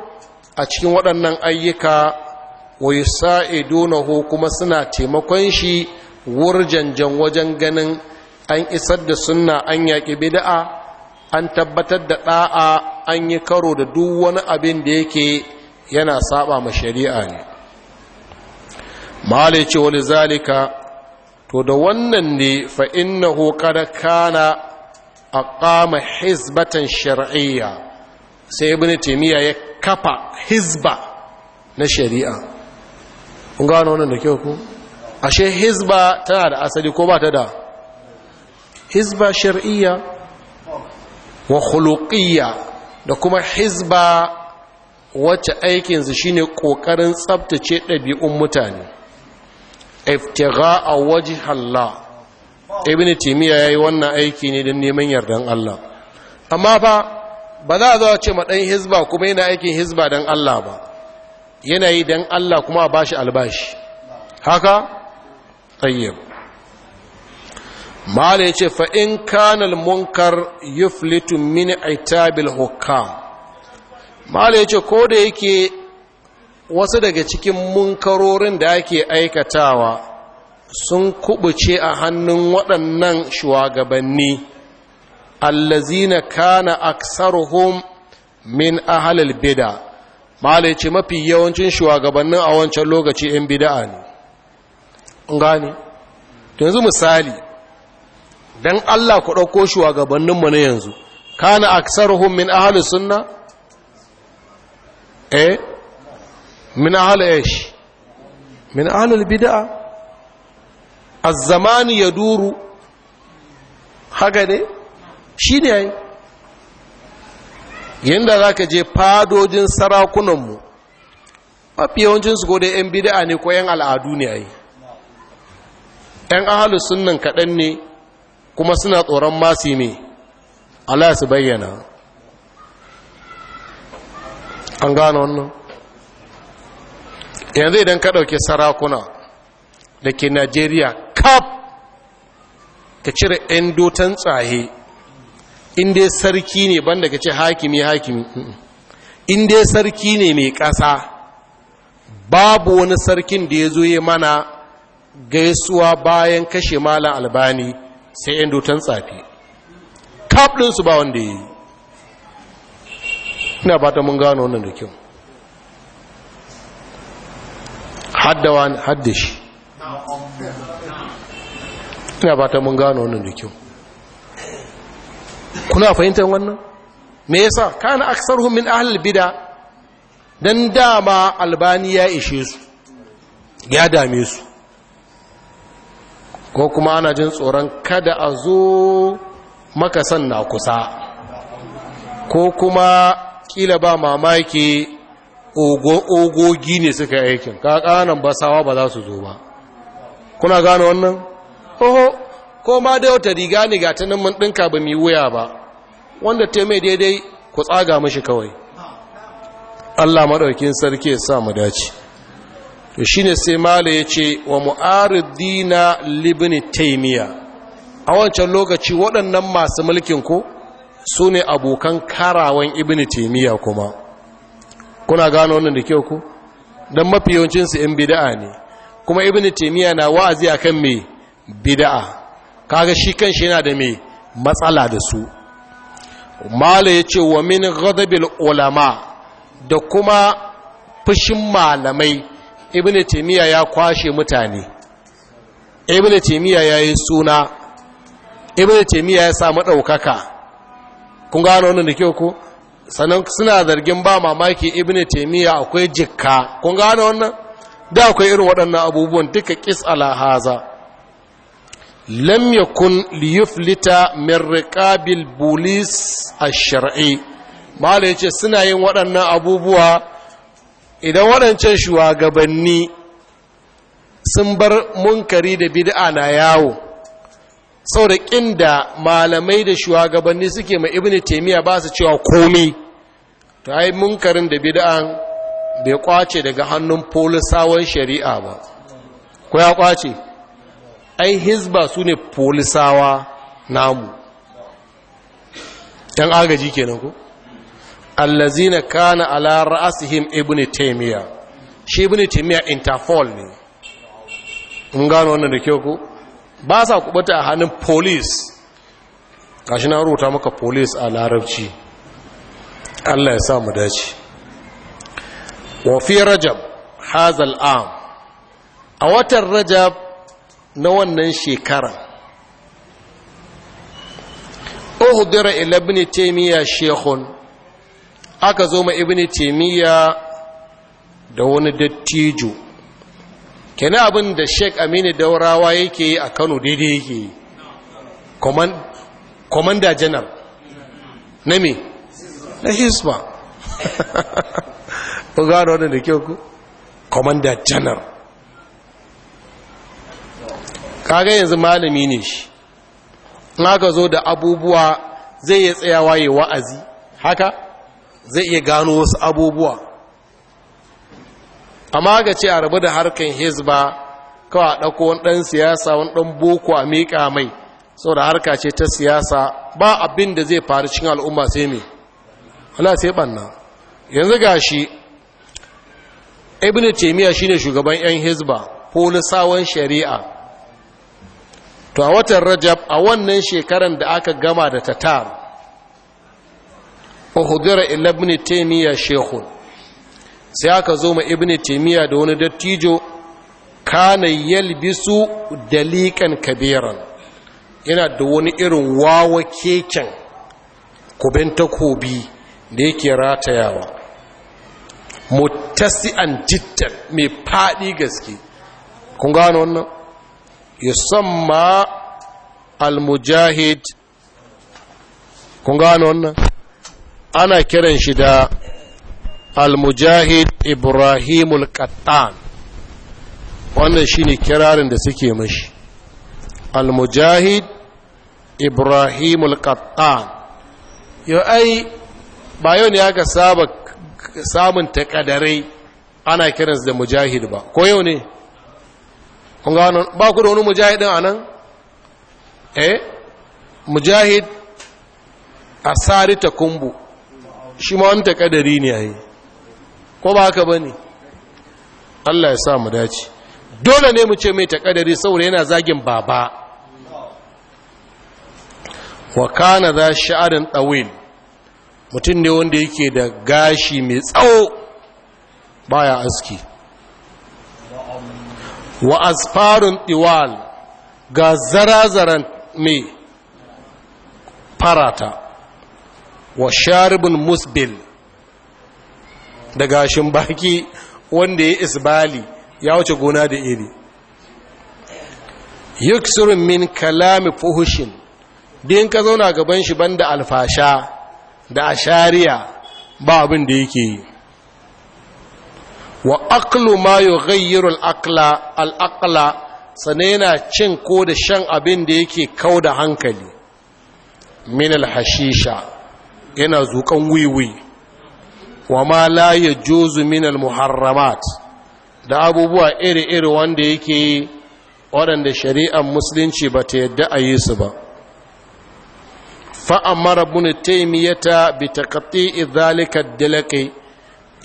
a cikin waɗannan ayyuka wa yusa'idunahu kuma suna taimakon shi wurjanjan wajen ganin an isar da sunna an yaƙi bida'a an tabbatar da ɗa'a an yi karo da duk wani abin da yake yana saba ma shari'a ne malai ce wani zalika to da wannan ne fa innahu qad kana ƙama hizbatan shari'a sai ibnu taymiya ya kafa hizba na shari'a kun gano wannan da kyau ku. ashe hizba tana da asali ko ba ta da hizba shar'iyya wa khuluqiyya da kuma hizba wacce aikinsu shine kokarin tsabtace ɗabi'un mutane iftigha a waje Allah ibn timiya yayi wannan aiki ne don neman yardan Allah amma fa ba za a zo ce ma dan hizba kuma yana aikin hizba dan Allah ba yana yi dan Allah kuma a shi albashi haka tayyib mala ya ce fa'in kanal munkar yuflitu min aitabil hukam mala ce ko da yake wasu daga cikin munkarorin da ake aikatawa sun kubuce a hannun waɗannan shugabanni allazina kana aksaruhum min halal bida malai ce mafi yawancin shugabannin a wancan lokaci 'yan bida'a ne gani yanzu misali don Allah ku ɗauko shugabanninmu na yanzu kana aksaruhum min ahli sunna eh min ahli ish min ahli bid'a az-zaman yaduru haka ne shine ai yanda zaka je fadojin sarakunanmu mafi yawancin su gode yan bid'a ne ko yan al'adu ne ai yan ahli sunnan kaɗan ne kuma suna tsoron masu ne Allah su bayyana an gano wannan yanzu idan ka ɗauki sarakuna da ke najeriya kaf ka cire 'yan dutan tsaye inda sarki ne banda ka ce hakimi hakimi inda sarki ne mai ƙasa babu wani sarkin da ya zo yi mana gaisuwa bayan kashe malam albani sai yin dutan tsafi kaf ɗinsu ba wanda ya yi ina ta mun gano wannan da kyau haddawa hadda shi ina ta mun gano wannan da kyau kuna fahimtar wannan me yasa kana aksar min ahal bid'a don dama albani ya ishe su ya dame su ko kuma ana jin tsoron kada a zo makasan na kusa ko kuma kila ba mamaki ogogi ne suka aikin kanan basawa ba za su zo ba kuna gano wannan? oho ko ma da wata riga ne ga tunan mun ɗinka ba mai wuya ba wanda ta mai daidai ku tsaga mashi kawai Allah maɗaukin sarki ya sa mu dace to shine sai mala ya ce wa mu'aridina libni taimiya a wancan lokaci waɗannan masu mulkin ko su ne abokan karawan ibni taimiya kuma kuna gano wannan da kyau ku don mafi yawancinsu 'yan bida'a ne kuma ibni taimiya na wa'azi a kan mai bida'a kaga shi kanshi yana da mai matsala da su mala ya ce wa min ghadabil ulama da kuma fushin malamai ibn taymiya ya kwashe mutane ibn taymiya ya yi suna ibn taymiya ya samu ɗaukaka kun gano wannan da kyau ko sannan suna zargin ba mamaki ibn taymiya akwai jikka kun gano wannan da akwai irin waɗannan abubuwan duka kis ala haza lam yakun liyuflita min riqabil bulis ash-shar'i mala ce suna yin waɗannan abubuwa idan waɗancan shugabanni sun bar munkari da bid'a na yawo sau da ƙin da malamai da shugabanni suke mai ibini taimiyya ba su cewa komi ta yi munkarin da bid'an bai kwace daga hannun polisawan shari'a ba ko ya kwace ai hisba su ne polisawa namu ɗan agaji kenan ku allazina kana ala ra'asihim ibnu taymiya shi ibnu taymiya interpol ne mun gano wannan da kyau ku. ba sa kubuta a hannun police gashi na rubuta maka police a larabci Allah ya sa mu dace wa fi rajab hadha al'am am a watan rajab na wannan shekara uhdira ila ibn taymiya shaykhun aka zo ma ibn taimiyya da wani dattijo kene abin da sheik aminu daurawa yake yi a kano daidai yake yi komanda janar na me na hisba ko gano wani da kyau ku komanda janar kaga yanzu malami ne shi in aka zo da abubuwa zai yi tsayawa yi wa'azi haka zai iya gano wasu abubuwa amma ga ce a rabu da harkar hisba kawai a ɗauko wani ɗan siyasa wani ɗan boko a miƙa mai da harka ce ta siyasa ba abin da zai faru cikin al'umma sai mai wala sai ɓanna yanzu ga shi ibn taimiyya shine shugaban 'yan hizba polisawan shari'a to a watan rajab a wannan shekaran da aka gama da tatar uhudira ila ibn taymiya shaykhun sai aka zo ma ibn taymiya da wani dattijo kana yalbisu dalikan kabiran yana da wani irin wawa keken kuben takobi da yake ratayawa muttasi'an jittan mai fadi gaske kun gano wannan yusamma al-mujahid kun gano wannan ana kiran shi da al-mujahid ibrahimul qattan wannan shine kirarin da suke mashi al-mujahid ibrahimul qattan yo ai ba yau ne aka saba samun takadare ana kiransu da mujahid ba ko yau ne kun ga wannan ba ku da wani mujahidin anan eh mujahid asari takumbu shi ma wani takadari ne a ko ba haka ba ne allah ya sa mu dace dole ne mu ce mai takadari saboda yana zagin baba wa kana za sha'arin ɗawil mutum ne wanda yake da gashi mai tsawo baya aski wa asfarin ɗiwal ga zarazaran mai farata wa sharibin musbil da gashin baki wanda ya isbali ya wuce gona da iri yuksurin min kalami fuhushin din ka zauna gaban shi banda alfasha da ashariya ba abin da yake yi wa aklu ma yi al-aqla al yana cin ko da shan abin da yake kau da hankali min alhashisha hashisha yana zukan wiwi wa ma la yajuzu min al muharramat da abubuwa iri-iri wanda yake yi waɗanda shari'ar musulunci ba ta yadda a yi su ba Fa fa'amara bunu taymiyata bi takatti zalika dalaki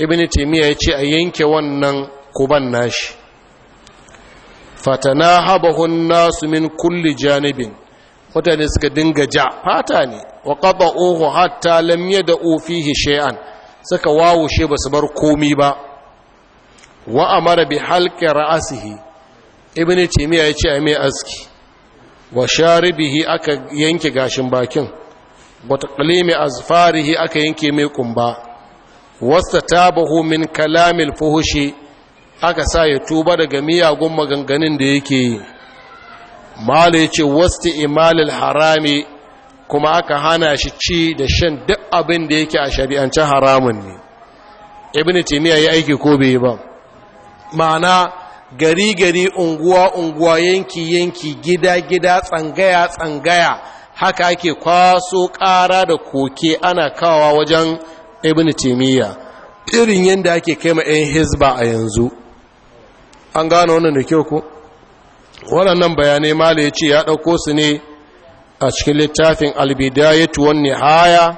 ibn taimiyya ya a yanke wannan kuban nashi fatanahabahu an-nas min kulli janibin mutane suka dinga ja fata ne wa qada'uhu hatta lam yad'u fihi shay'an suka wawushe basu bar komi ba wa amara bi halqi ra'sihi ibnu taymiya yace a mai aski wa sharibihi aka yanke gashin bakin wa taqlimi azfarihi aka yanke mai kumba wasta bahu min kalamil fuhushi aka sa ya tuba daga miyagun maganganun da yake yi mala ya ce wasu imalin harami kuma aka hana shi ci da shan duk abin da yake a shari'ancin haramun ne ibn taymiya ya aiki ko bai ba ma'ana gari gari unguwa unguwa yanki yanki gida gida tsangaya tsangaya haka ake kwaso ƙara da koke ana kawa wajen ibn irin yadda ake kai ma 'yan Hisba a yanzu an gano wannan da kyau ko waɗannan bayanai mala ya ce ya ɗauko su ne a cikin littafin albidayatu wan nihaya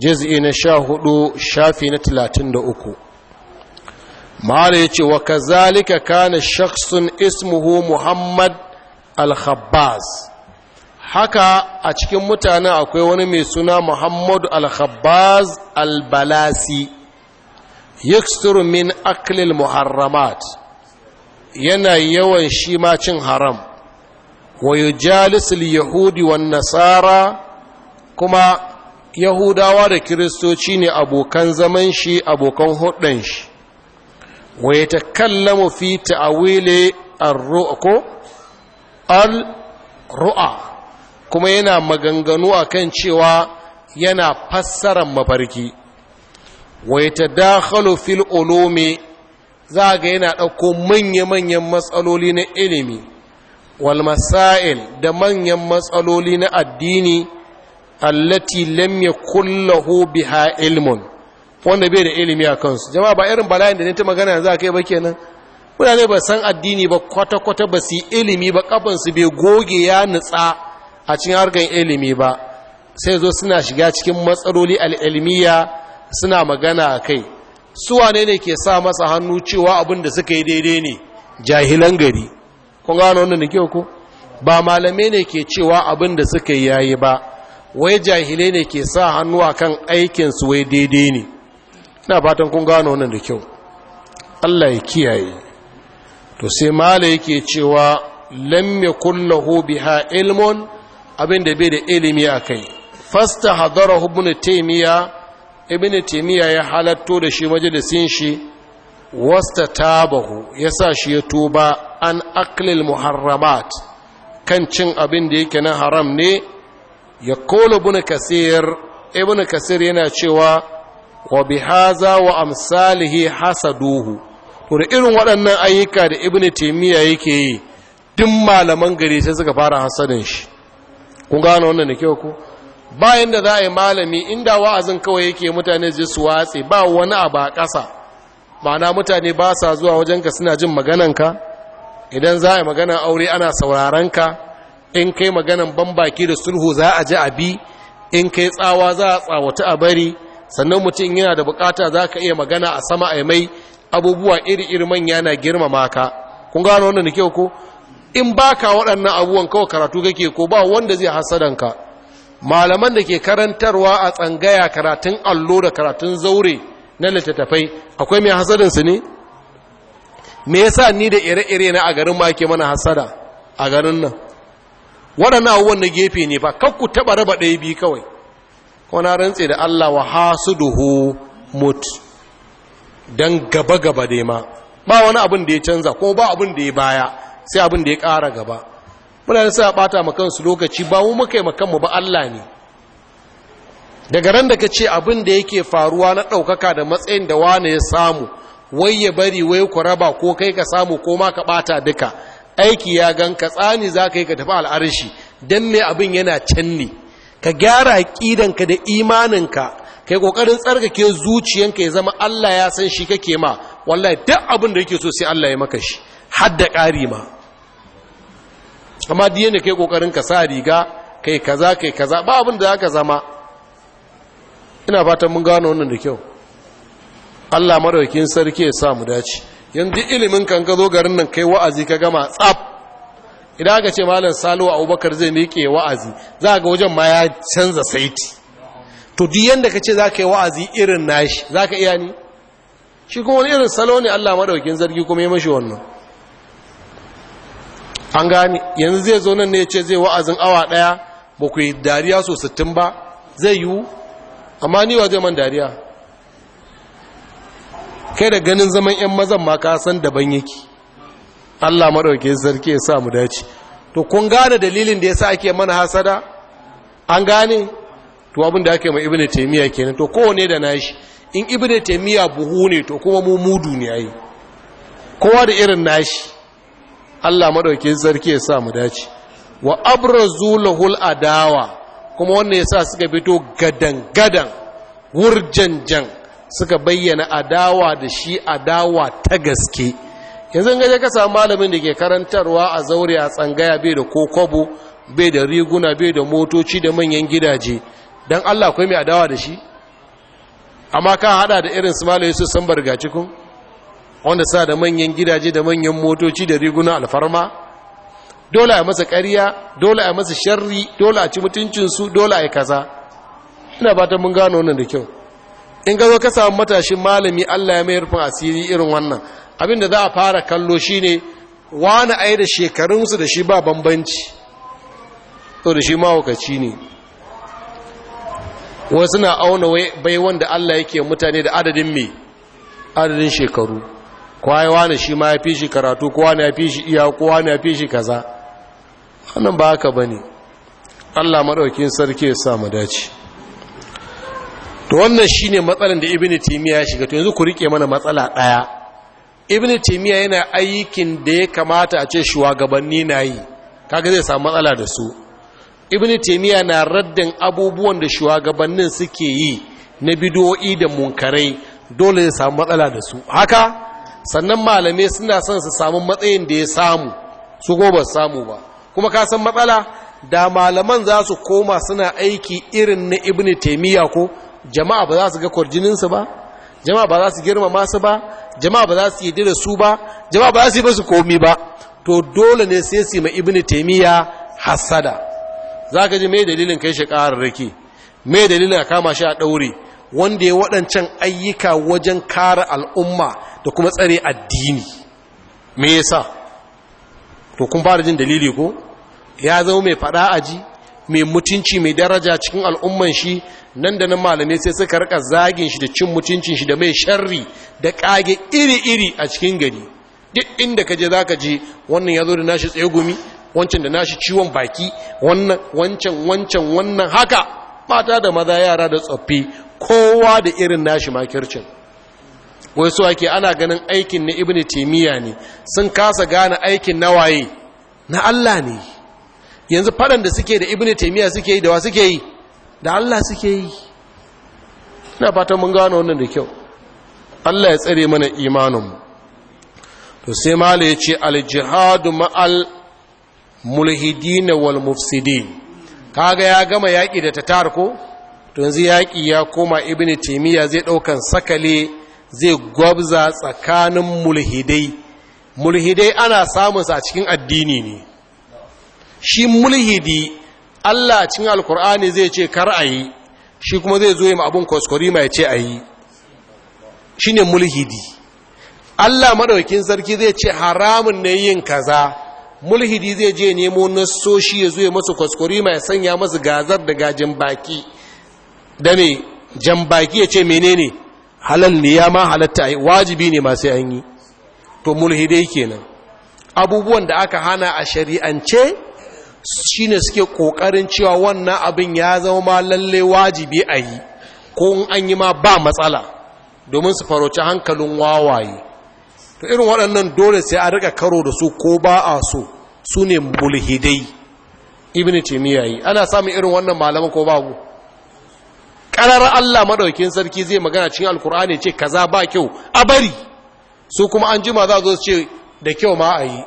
juz'i na sha hudu shafi na talatin da uku mala ya ce wa kazalika kana shaksun ismuhu muhammad al-khabbaz haka a cikin mutanen akwai wani mai suna muhammadu al-khabbaz al-balasi yaksuru min aklil muharramat yana yawan shi cin haram wa yujalisul yahudi wan nasara kuma yahudawa da kiristoci ne abokan zaman shi abokan hudun shi wa ya takallamu fi ta'wili ar al-ru'a kuma yana maganganu akan cewa yana fassara mafarki wa ya tadakhalu fil ulumi za ga yana ɗauko manya-manyan matsaloli na ilimi walmasa'il da manyan matsaloli na addini allati lam yakullahu biha ilmun wanda bai da ilimi a kansu jama'a ba irin bala'in da ne ta magana yanzu kai ba kenan mutane ba san addini ba kwata-kwata ba su ilimi ba su bai goge ya nutsa a cikin harkar ilimi ba sai zo suna shiga cikin matsaloli al'ilmiya suna magana a kai wane ne ke sa masa hannu cewa abin da suka yi daidai ne jahilan gari kun gano wannan da kyau ko ba malamai ne ke cewa abin da suka yi yayi ba wai jahilai ne ke sa hannu akan aikin su wai daidai ne ina fatan kun gano wannan da kyau Allah ya kiyaye to sai mala yake cewa lam yakul lahu biha ilmun abin da bai da ilimi akai fasta ibn taymiya ibn taymiya ya halatto da shi majalisin shi wasta tabahu sa shi ya tuba an aklil muharramat kan cin abin da yake na haram ne ya kola ibn kasir ibn kasir yana cewa wa bihaza wa amsalihi hasaduhu to da irin waɗannan ayyuka da ibn taymiya yake yi duk malaman gari sai suka fara hasadin shi kun gano wannan da kyau ko bayan da za a yi malami inda wa'azin kawai yake mutane ji su watse ba wani abu a ƙasa ma'ana mutane ba sa zuwa wajenka suna jin magananka idan za a yi maganan aure ana saurarenka in kai maganan baki da sulhu za a ji abi in kai tsawa za a tsawata a bari sannan mutum yana da bukata za ka iya magana a sama a mai abubuwa iri-iri manya na girmama ka kun gano wannan da kyau ko in ba ka waɗannan abubuwan kawai karatu kake ko ba wanda zai hasadanka malaman da ke karantarwa a tsangaya karatun allo da karatun zaure na littattafai akwai mai hasadinsu ne me yasa ni da ire-ire na a garin ma ke mana hasada a garin nan waɗanda abubuwan na gefe ne ba kakku taɓa raba ɗaya biyu kawai kuma rantse da Allah wa hasuduhu mut don gaba gaba dai ma ba wani abin da ya canza ko ba abin da ya baya sai abin da ya ƙara gaba mutane sa bata ma kansu lokaci ba mu muka yi ba Allah ne daga ran da ka ce abin da yake faruwa na ɗaukaka da matsayin da wane ya samu wai ya bari wai ku raba ko kai ka samu ko ma ka bata duka aiki ya gan ka tsani za ka yi ka tafi al'arshi don me abin yana canne, ka gyara ka da imanin ka kai ƙoƙarin tsarkake zuciyanka ya zama Allah ya san shi kake ma wallahi duk abin da yake so sai Allah ya maka shi Hadda da ƙari ma Sama diye ne kai kokarin ka sa riga kai kaza kai kaza ba abin da zaka zama ina fatan mun gano wannan da kyau Allah madaukakin sarki ya sa mu dace yanzu ilimin kan ka garin nan kai wa'azi ka gama tsaf idan aka ce malam Salihu Abubakar zai miƙe wa'azi za ga wajen ma ya canza saiti to duk yanda kace za ka yi wa'azi irin nashi za ka iya ni shi kuma irin salo ne Allah madaukakin sarki kuma ya mashi wannan an gane yanzu zai zo nan ne ce zai wa'azin awa ɗaya ba ku yi dariya so sittin ba zai yiwu amma ni wa zai man dariya kai da ganin zaman 'yan mazan ma ka san daban yake allah maɗauke sarki ya sa mu dace to kun gane dalilin da ya sa ake mana hasada an gane to abin da ake mai ibn taimiyya kenan to kowane da nashi in ibnatamiya taimiyya buhu ne to kuma mu mudu ne yi. kowa da irin nashi Allah maɗauki sarki ya sa mu dace wa abrazu lahul adawa kuma wannan yasa suka fito gadan gadan wurjanjan suka bayyana adawa da shi adawa ta gaske yanzu ga ka samu malamin da ke karantarwa a zaure a tsangaya bai da kokobo bai da riguna bai da motoci da manyan gidaje don Allah akwai mai adawa da shi amma ka hada da irin su malayi su san bargaci kun wanda sa da manyan gidaje da manyan motoci da riguna alfarma dole a masa ƙarya dole a masa sharri dole a ci mutuncinsu dole a yi kaza ina ba ta mun gano wannan da kyau in gazo ka samu matashin malami allah ya mai rufin asiri irin wannan Abin da za a fara kallo shi shine wani ai da shekarunsu da shi ba bambanci to da shi mahaukaci ne wasu na auna bai wanda allah yake mutane da adadin mai adadin shekaru kwayewa ne shi ma ya fi shi karatu kowa ne ya fi shi iya kowa ne ya fi shi kaza wannan ba haka ba ne allah maɗaukin sarki ya sa dace to wannan shi ne da ibini timiya ya shiga to yanzu ku riƙe mana matsala ɗaya ibini timiya yana aikin da ya kamata a ce shugabanni na yi kaga zai samu matsala da su ibini timiya na raddin abubuwan da shugabannin suke yi na bidoyi da munkarai dole zai samu matsala da su haka sannan malamai suna son su samu matsayin da ya samu su ko samu ba kuma ka san matsala da malaman za su koma suna aiki irin na ibn taimiyya ko jama'a ba za su ga kwarjininsu ba jama'a ba za su girmama su ba jama'a ba za su yi da su ba jama'a ba za su yi basu komi ba to dole ne sai su yi ma ibn taimiyya hasada za ka ji mai dalilin kai shi ƙararraki mai dalilin a kama shi a ɗaure wanda ya waɗancan ayyuka wajen kare al'umma da kuma tsare addini me yasa to kun fara jin dalili ko ya zama mai fada aji mai mutunci mai daraja cikin al'umman shi nan da nan malamai sai suka rika zagin shi da cin mutuncin shi da mai sharri da kage iri-iri a cikin gari duk inda ka je za je wannan yazo zo da nashi tsaye gumi wancan da nashi ciwon baki wannan wancan wancan wannan haka mata da maza yara da tsoffi kowa da irin nashi makircin wai su ake ana ganin aikin na ibn taimiyya ne sun kasa gane aikin na waye na Allah ne yanzu faɗan da suke da ibn taimiyya suke yi da wa suke yi da Allah suke yi ina fatan mun gano wannan da kyau Allah ya tsare mana imaninmu to sai mala ya ce aljihadu ma'al mulhidina wal mufsidin kaga ya gama yaki da tatar ko to yanzu yaƙi ya koma ibini taimiyya zai ɗaukan sakale zai gwabza tsakanin mulhidai mulhidai ana samunsa a cikin addini ne shi mulhidi Allah cikin alkur'ani zai ce kar a yi shi kuma zai zo yi ma abin kwaskwari mai ce a yi shi ne mulhidi Allah maɗaukin sarki zai ce haramun na yin kaza mulhidi zai je nemo nassoshi ya zo ya masu kwaskwari mai sanya masu gazar da gajin baki da ne jan baki ya ce menene halal ne ya ma halatta a wajibi ne masu sai yi to mulhidai kenan abubuwan da aka hana a shari'ance shine suke ƙoƙarin cewa wannan abin ya zama ma lalle wajibi a yi ko an yi ma ba matsala domin su faroci hankalin wawaye to irin waɗannan dole sai a riƙa karo da su ko ba a so su ne mulhidai ibn timiyayi ana samun irin wannan malaman ko babu ƙarar Allah maɗaukin sarki zai magana cikin alkur'ani ce kaza ba kyau a bari su kuma an jima za zo ce da kyau ma a yi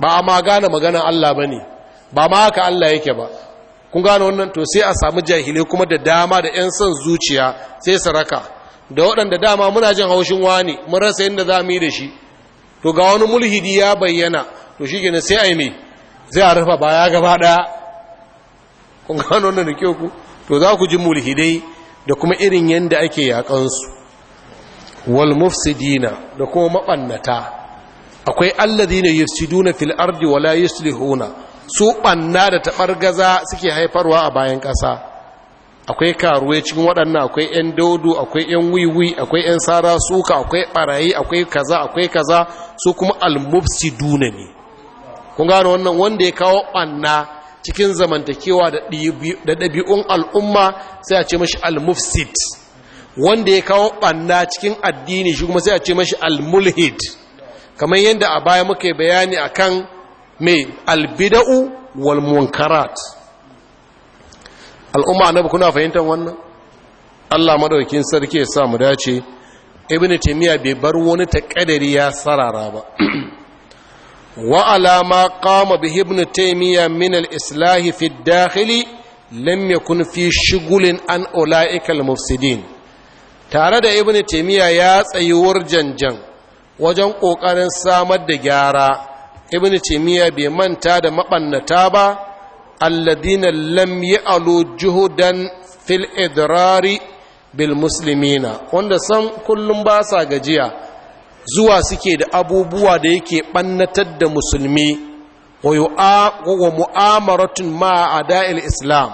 ba a ma gane maganar Allah ba ne ba ma haka Allah yake ba kun gane wannan to sai a samu jahilai kuma da dama da 'yan son zuciya sai saraka da waɗanda dama muna jin haushin wani mun rasa yadda za mu yi da shi to ga wani mulhidi ya bayyana to shi gina sai a yi mai zai a rufa baya gaba ɗaya kun gane wannan da kyau ku to za ku ji mulhidai da kuma irin yadda ake yaƙansu wal mufsidina da kuma maɓannata akwai alladhina yufsiduna fil ardi wa la yuslihuna su ɓanna da tabargaza suke haifarwa a bayan ƙasa akwai karuwe cikin waɗannan akwai ƴan dodo akwai ƴan wiwi akwai ƴan sara suka akwai barayi akwai kaza akwai kaza su kuma almufsiduna ne kun gano wannan wanda ya kawo ɓanna. cikin zamantakewa da ɗabi'un al'umma sai a ce mashi al-mufsid wanda ya kawo ɓanna cikin addini shi kuma sai a ce mashi al-mulhid kamar yadda a baya muka yi bayani kan mai albida'u wal munkarat al'umma na bukuna fahimtar wannan Allah maɗaukin sarki ya sa mu dace ibn taymiya bai bar wani takadari ya sarara ba وعلى ما قام به ابن تيمية من الإصلاح في الداخل لم يكن في شغل عن أولئك المفسدين tare da ibn taimiyya ya tsayi janjan wajen ƙoƙarin samar da gyara ibn taimiyya bai manta da maɓannata ba alladina lam yi alo juhudan fil idrari bil muslimina wanda san kullum ba sa gajiya zuwa suke da abubuwa da yake ɓannatar da musulmi wa mu'amaratun ma a islam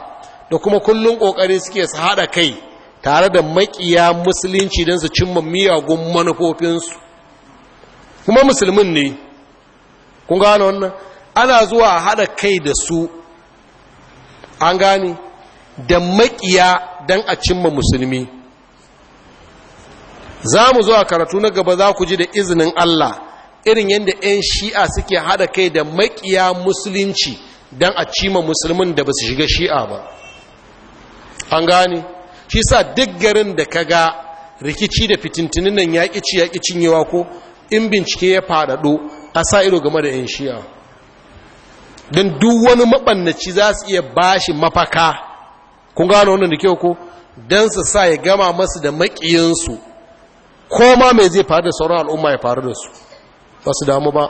da kuma kullum ƙoƙari suke su haɗa kai tare da maƙiya musulunci don su cimma miyagun manufofinsu kuma musulmin ne kun gane wannan ana zuwa a haɗa kai da su an gane da maƙiya don a cimma musulmi za mu zuwa karatu na gaba za ku ji da izinin Allah irin yadda 'yan shi'a suke haɗa kai da maƙiya musulunci don a cima musulmin da ba su shiga shi'a ba an gane shi sa duk garin da ka ga rikici da fitintinin nan ya ƙici ya cinyewa ko in bincike ya faɗaɗo a sa ido game da 'yan shi'a don duk wani maɓannaci za su iya bashi mafaka kun gano wannan da kyau ko don su sa ya gama masu da maƙiyansu koma mai zai faru da sauran al'umma ya faru da su ba su damu ba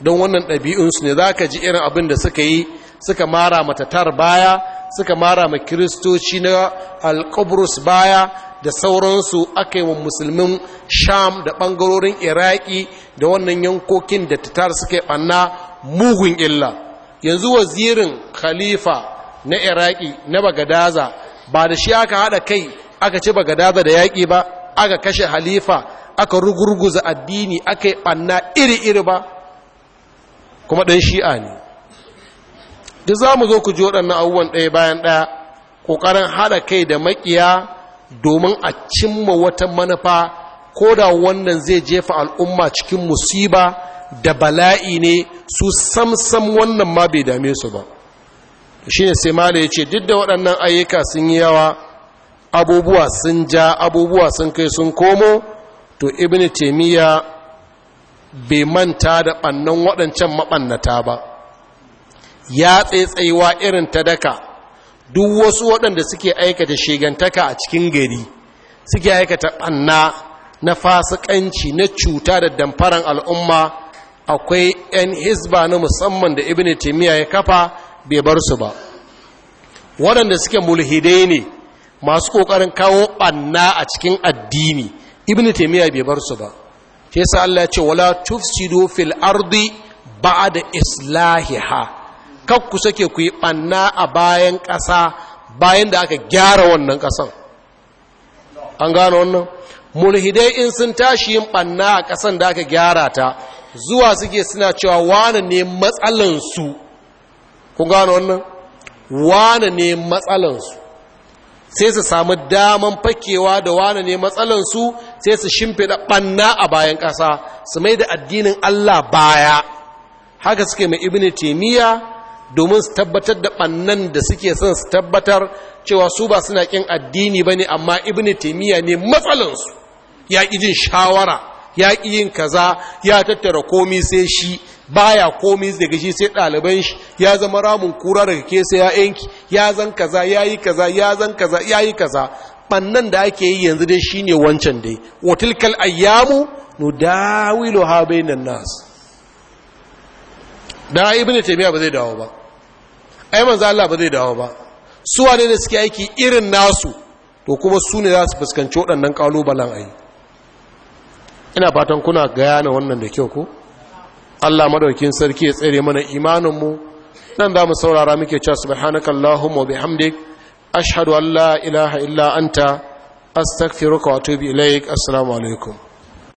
don wannan ɗabi'unsu ne za ka ji irin abin da suka yi suka mara matatar baya suka mara ma kiristoci na alkabrus baya da sauransu aka yi wa musulmin sham da ɓangarorin iraki da wannan yankokin da tatar suka yi ɓanna mugun illa yanzu wazirin khalifa na iraki na bagadaza ba da shi aka haɗa kai aka ci bagadaza da yaƙi ba aka kashe halifa aka rugurguza addini aka yi iri-iri ba kuma ɗan shi'a ne duk za mu zo ku ji waɗannan abubuwan ɗaya bayan ɗaya ƙoƙarin haɗa kai da maƙiya domin a cimma wata manufa ko da wannan zai jefa al'umma cikin musiba da bala'i ne su samsam wannan ma bai dame su ba shi ne sai mala ya ce duk da waɗannan ayyuka sun yi yawa abubuwa sun ja abubuwa sun kai sun komo to ibn taimiyya bai manta da ɓannan waɗancan maɓannata ba ya tsaitsaiwa irin ta daka duk wasu waɗanda suke aikata shigantaka a cikin gari suke aikata ɓanna na fasikanci na cuta da damfaran al'umma akwai 'yan hisba na musamman da ibn taimiyya ya kafa bai bar su ba waɗanda suke mulhidai ne masu kokarin kawo ɓanna a cikin addini ibnu taymiya bai bar su ba ke sa Allah ya ce wala tufsidu fil ardi da islahiha kak ku sake ku yi banna a bayan ƙasa bayan da aka gyara wannan ƙasan an gano wannan mulhidai in sun tashi yin banna a ƙasan da aka gyara ta zuwa suke suna cewa wane ne matsalansu ku gano wannan wane ne matsalansu sai su samu daman fakewa da wane ne matsalansu sai su shimfiɗa ɓanna a bayan ƙasa su mai da addinin Allah baya haka suke mai ibini taimiyya domin su tabbatar da ɓannan da suke son su tabbatar cewa su ba suna ƙin addini ba ne amma ibini taimiyya ne matsalansu ya ƙi jin shawara ya ƙi yin kaza ya tattara komi sai shi baya komi daga shi sai ɗaliban shi ya zama ramun kura daga ke sai ya yanki ya zan kaza ya yi kaza ya zan kaza ya yi kaza bannan da ake yi yanzu dai shi ne wancan dai watilkal ayyamu nudawilu ha bainan nas da ibnu taymiya ba zai dawo ba ai manzo Allah ba zai dawo ba su wane ne suke aiki irin nasu to kuma su ne za su fuskanci waɗannan ƙalubalen ai ina fatan kuna gayana wannan da kyau ku Allah madaukin sarki ya tsere mana imaninmu nan za mu saurara muke cewa subhanakallahumma bihamdik ashhadu an la ilaha illa anta astaghfiruka wa atubu ilaik assalamu alaikum